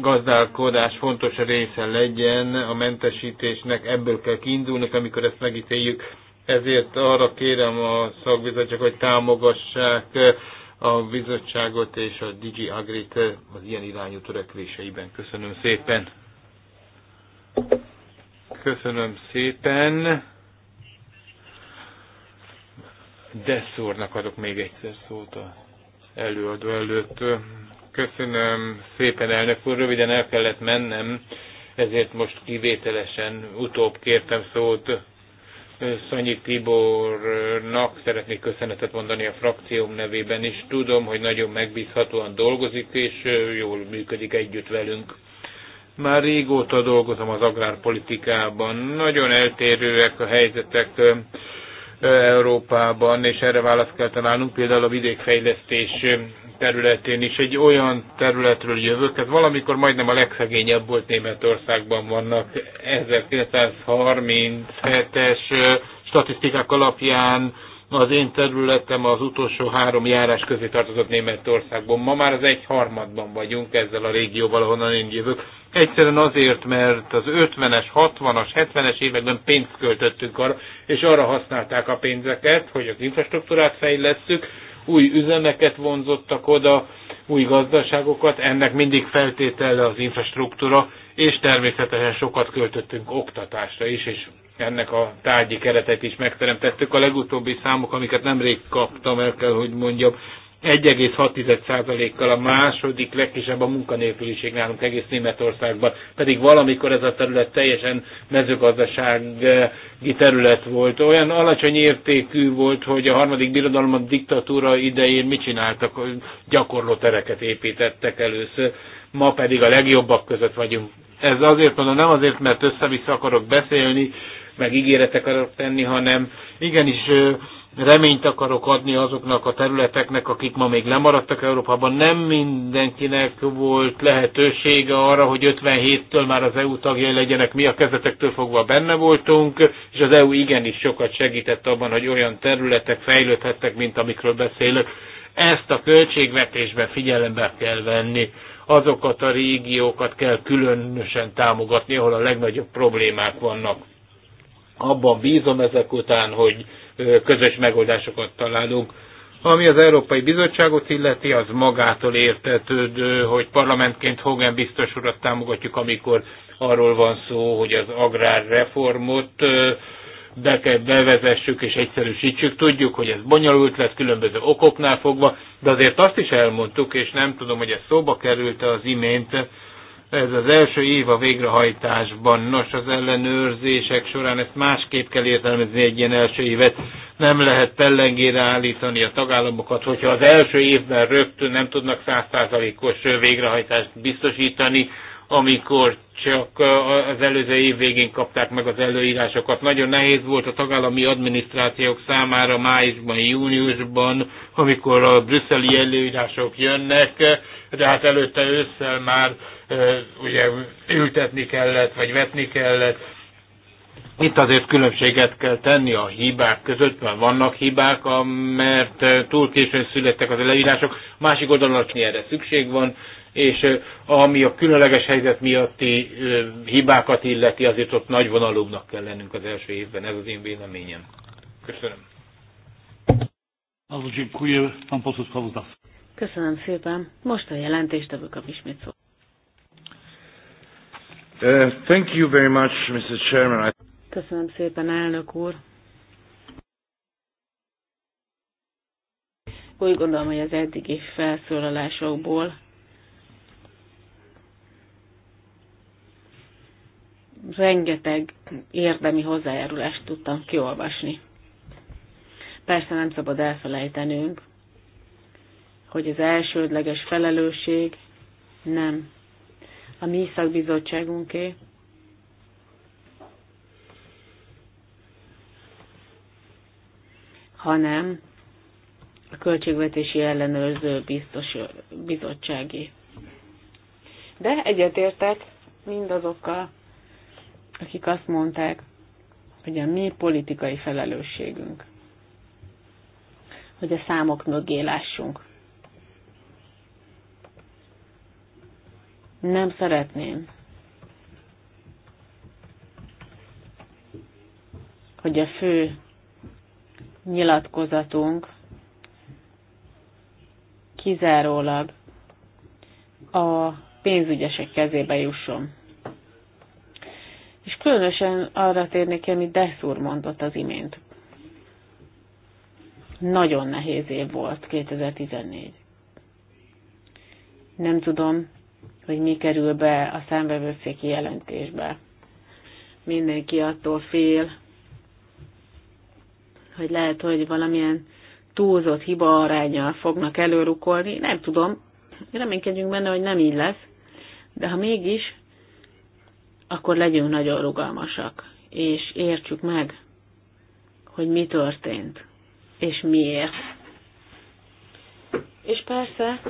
gazdálkodás fontos része legyen a mentesítésnek, ebből kell kiindulnunk, amikor ezt megítéljük. Ezért arra kérem a szakbizottság, hogy támogassák a bizottságot és a Digi Agrit az ilyen irányú törekvéseiben. Köszönöm szépen! Köszönöm szépen! Desszúrnak adok még egyszer szót az előadó előtt. Köszönöm szépen, elnök úr. Röviden el kellett mennem, ezért most kivételesen utóbb kértem szót. Szanyi Tibornak szeretnék köszönetet mondani a frakcióm nevében is. Tudom, hogy nagyon megbízhatóan dolgozik, és jól működik együtt velünk. Már régóta dolgozom az agrárpolitikában. Nagyon eltérőek a helyzetek Európában, és erre választ kell találnunk, például a vidékfejlesztés területén is. Egy olyan területről jövök, ez valamikor majdnem a legszegényebb volt Németországban vannak. 1937-es statisztikák alapján az én területem az utolsó három járás közé tartozott Németországban. Ma már az egy harmadban vagyunk ezzel a régióval, ahonnan én jövök. Egyszerűen azért, mert az 50-es, 60-as, 70-es években pénzt költöttünk arra, és arra használták a pénzeket, hogy az infrastruktúrát fejlesztük, új üzemeket vonzottak oda, új gazdaságokat, ennek mindig feltétele az infrastruktúra, és természetesen sokat költöttünk oktatásra is, és ennek a tárgyi keretet is megteremtettük. A legutóbbi számok, amiket nemrég kaptam, el kell, hogy mondjam, 1,6%-kal a második legkisebb a munkanélküliség nálunk egész Németországban, pedig valamikor ez a terület teljesen mezőgazdasági terület volt. Olyan alacsony értékű volt, hogy a harmadik birodalom a diktatúra idején mit csináltak, gyakorló tereket építettek először, ma pedig a legjobbak között vagyunk. Ez azért mondom, nem azért, mert össze-vissza akarok beszélni, meg ígéretek akarok tenni, hanem igenis reményt akarok adni azoknak a területeknek, akik ma még lemaradtak Európában. Nem mindenkinek volt lehetősége arra, hogy 57-től már az EU tagjai legyenek. Mi a kezdetektől fogva benne voltunk, és az EU igenis sokat segített abban, hogy olyan területek fejlődhettek, mint amikről beszélek. Ezt a költségvetésben figyelembe kell venni. Azokat a régiókat kell különösen támogatni, ahol a legnagyobb problémák vannak. Abban bízom ezek után, hogy közös megoldásokat találunk. Ami az Európai Bizottságot illeti, az magától értetődő, hogy parlamentként Hogan biztos urat támogatjuk, amikor arról van szó, hogy az agrárreformot be kell bevezessük és egyszerűsítsük. Tudjuk, hogy ez bonyolult lesz különböző okoknál fogva, de azért azt is elmondtuk, és nem tudom, hogy ez szóba került az imént, ez az első év a végrehajtásban. Nos, az ellenőrzések során ezt másképp kell értelmezni egy ilyen első évet. Nem lehet pellengére állítani a tagállamokat, hogyha az első évben rögtön nem tudnak százszázalékos végrehajtást biztosítani, amikor csak az előző év végén kapták meg az előírásokat. Nagyon nehéz volt a tagállami adminisztrációk számára májusban, júniusban, amikor a brüsszeli előírások jönnek, de hát előtte ősszel már ugye ültetni kellett, vagy vetni kellett. Itt azért különbséget kell tenni a hibák között, mert vannak hibák, mert túl későn születtek az leírások, másik oldalon erre szükség van, és ami a különleges helyzet miatti hibákat illeti, azért ott nagy vonalúbbnak kell lennünk az első évben, ez az én véleményem. Köszönöm. Köszönöm szépen. Most a jelentést, a ismét szó. Uh, thank you very much, Mr. Chairman. Köszönöm szépen, elnök úr. Úgy gondolom, hogy az eddigi felszólalásokból rengeteg érdemi hozzájárulást tudtam kiolvasni. Persze nem szabad elfelejtenünk, hogy az elsődleges felelősség nem a mi szakbizottságunké. hanem a Költségvetési Ellenőrző biztos, Bizottsági. De egyetértek mindazokkal, akik azt mondták, hogy a mi politikai felelősségünk, hogy a számok mögé lássunk. Nem szeretném, hogy a fő nyilatkozatunk kizárólag a pénzügyesek kezébe jusson. És különösen arra térnék amit Deszúr mondott az imént. Nagyon nehéz év volt 2014. Nem tudom, hogy mi kerül be a számbevőszéki jelentésbe. Mindenki attól fél, hogy lehet, hogy valamilyen túlzott hiba arányjal fognak előrukolni, nem tudom, reménykedjünk benne, hogy nem így lesz, de ha mégis, akkor legyünk nagyon rugalmasak, és értsük meg, hogy mi történt, és miért. És persze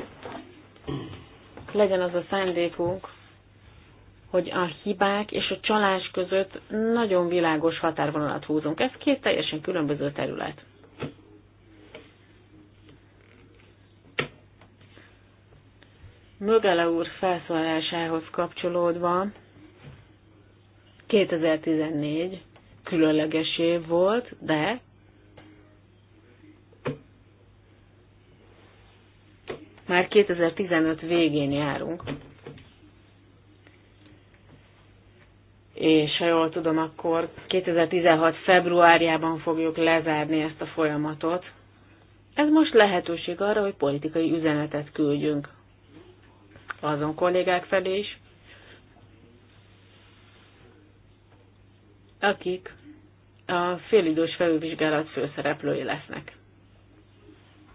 legyen az a szándékunk, hogy a hibák és a csalás között nagyon világos határvonalat húzunk. Ez két teljesen különböző terület. Mögele úr felszólásához kapcsolódva 2014 különleges év volt, de Már 2015 végén járunk, és ha jól tudom, akkor 2016 februárjában fogjuk lezárni ezt a folyamatot. Ez most lehetőség arra, hogy politikai üzenetet küldjünk azon kollégák felé is, akik a félidős felülvizsgálat főszereplői lesznek.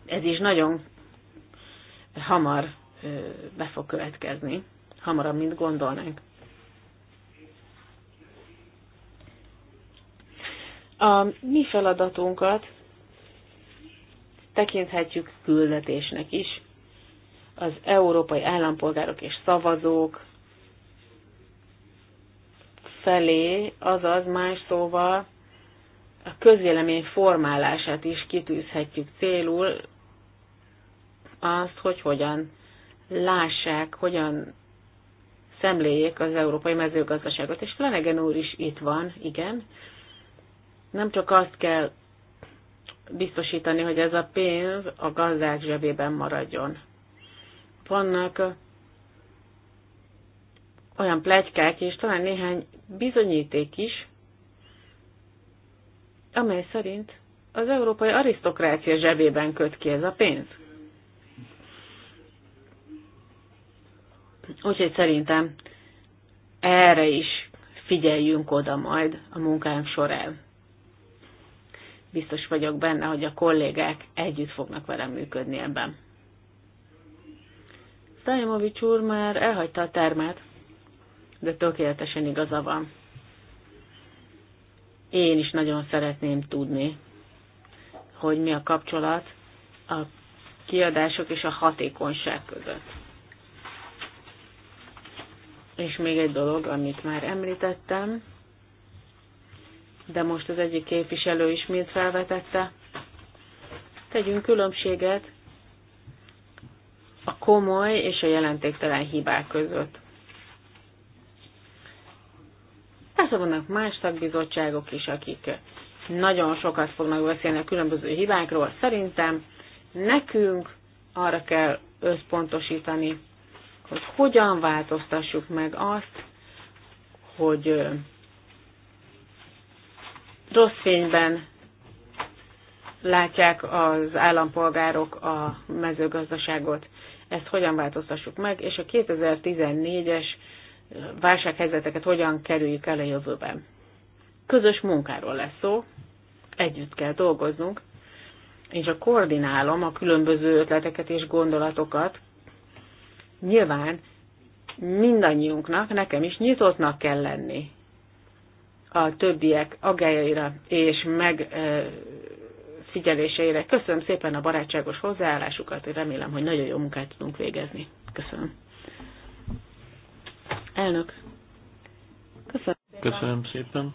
Ez is nagyon hamar be fog következni, hamarabb, mint gondolnánk. A mi feladatunkat tekinthetjük küldetésnek is. Az európai állampolgárok és szavazók felé, azaz más szóval a közvélemény formálását is kitűzhetjük célul, azt, hogy hogyan lássák, hogyan szemléljék az európai mezőgazdaságot. És Flanagan úr is itt van, igen. Nem csak azt kell biztosítani, hogy ez a pénz a gazdák zsebében maradjon. Vannak olyan plegykák, és talán néhány bizonyíték is, amely szerint az európai arisztokrácia zsebében köt ki ez a pénz. Úgyhogy szerintem erre is figyeljünk oda majd a munkánk során. Biztos vagyok benne, hogy a kollégák együtt fognak velem működni ebben. Szajmovics úr már elhagyta a termet, de tökéletesen igaza van. Én is nagyon szeretném tudni, hogy mi a kapcsolat a kiadások és a hatékonyság között. És még egy dolog, amit már említettem, de most az egyik képviselő ismét felvetette. Tegyünk különbséget a komoly és a jelentéktelen hibák között. Persze vannak más szakbizottságok is, akik nagyon sokat fognak beszélni a különböző hibákról. Szerintem nekünk arra kell összpontosítani, hogy hogyan változtassuk meg azt, hogy rossz fényben látják az állampolgárok a mezőgazdaságot. Ezt hogyan változtassuk meg, és a 2014-es válsághelyzeteket hogyan kerüljük el a jövőben. Közös munkáról lesz szó, együtt kell dolgoznunk, és a koordinálom a különböző ötleteket és gondolatokat, nyilván mindannyiunknak, nekem is nyitottnak kell lenni a többiek agájaira és megfigyeléseire. Köszönöm szépen a barátságos hozzáállásukat, és remélem, hogy nagyon jó munkát tudunk végezni. Köszönöm. Elnök. Köszönöm. Köszönöm szépen.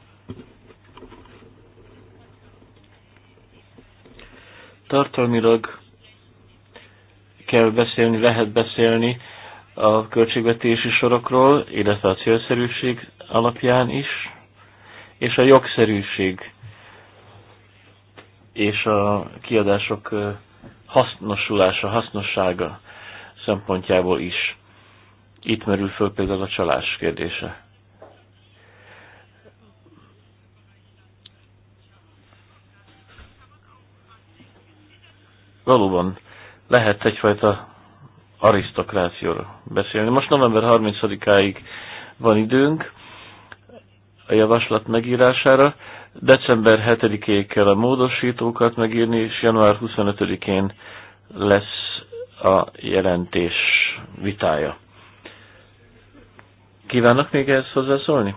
Tartalmilag kell beszélni, lehet beszélni a költségvetési sorokról, illetve a célszerűség alapján is, és a jogszerűség és a kiadások hasznosulása, hasznossága szempontjából is. Itt merül föl például a csalás kérdése. Valóban lehet egyfajta arisztokrációra beszélni. Most november 30-áig van időnk a javaslat megírására. December 7-ig kell a módosítókat megírni, és január 25-én lesz a jelentés vitája. Kívánok még ehhez hozzászólni?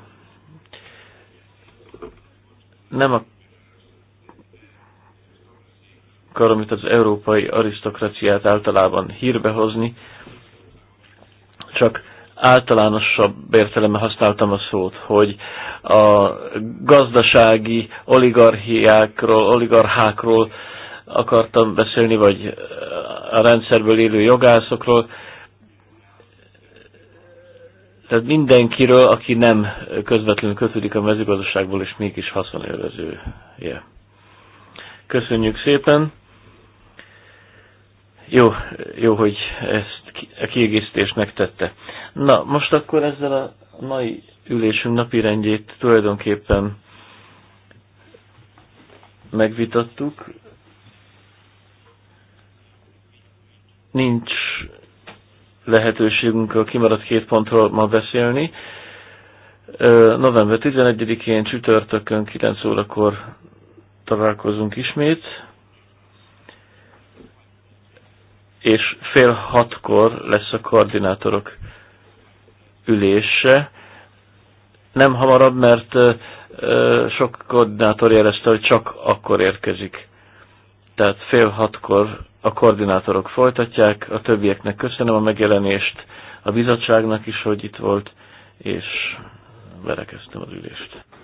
Nem, a akar, amit az európai arisztokraciát általában hírbe hozni, csak általánosabb értelemben használtam a szót, hogy a gazdasági oligarchiákról, oligarchákról akartam beszélni, vagy a rendszerből élő jogászokról, tehát mindenkiről, aki nem közvetlenül kötődik a mezőgazdaságból, és mégis haszonélvezője. Köszönjük szépen! Jó, jó, hogy ezt a kiegészítést megtette. Na, most akkor ezzel a mai ülésünk napirendjét tulajdonképpen megvitattuk. Nincs lehetőségünk a kimaradt két pontról ma beszélni. November 11-én csütörtökön 9 órakor találkozunk ismét. és fél hatkor lesz a koordinátorok ülése. Nem hamarabb, mert sok koordinátor jelezte, hogy csak akkor érkezik. Tehát fél hatkor a koordinátorok folytatják, a többieknek köszönöm a megjelenést, a bizottságnak is, hogy itt volt, és verekeztem az ülést.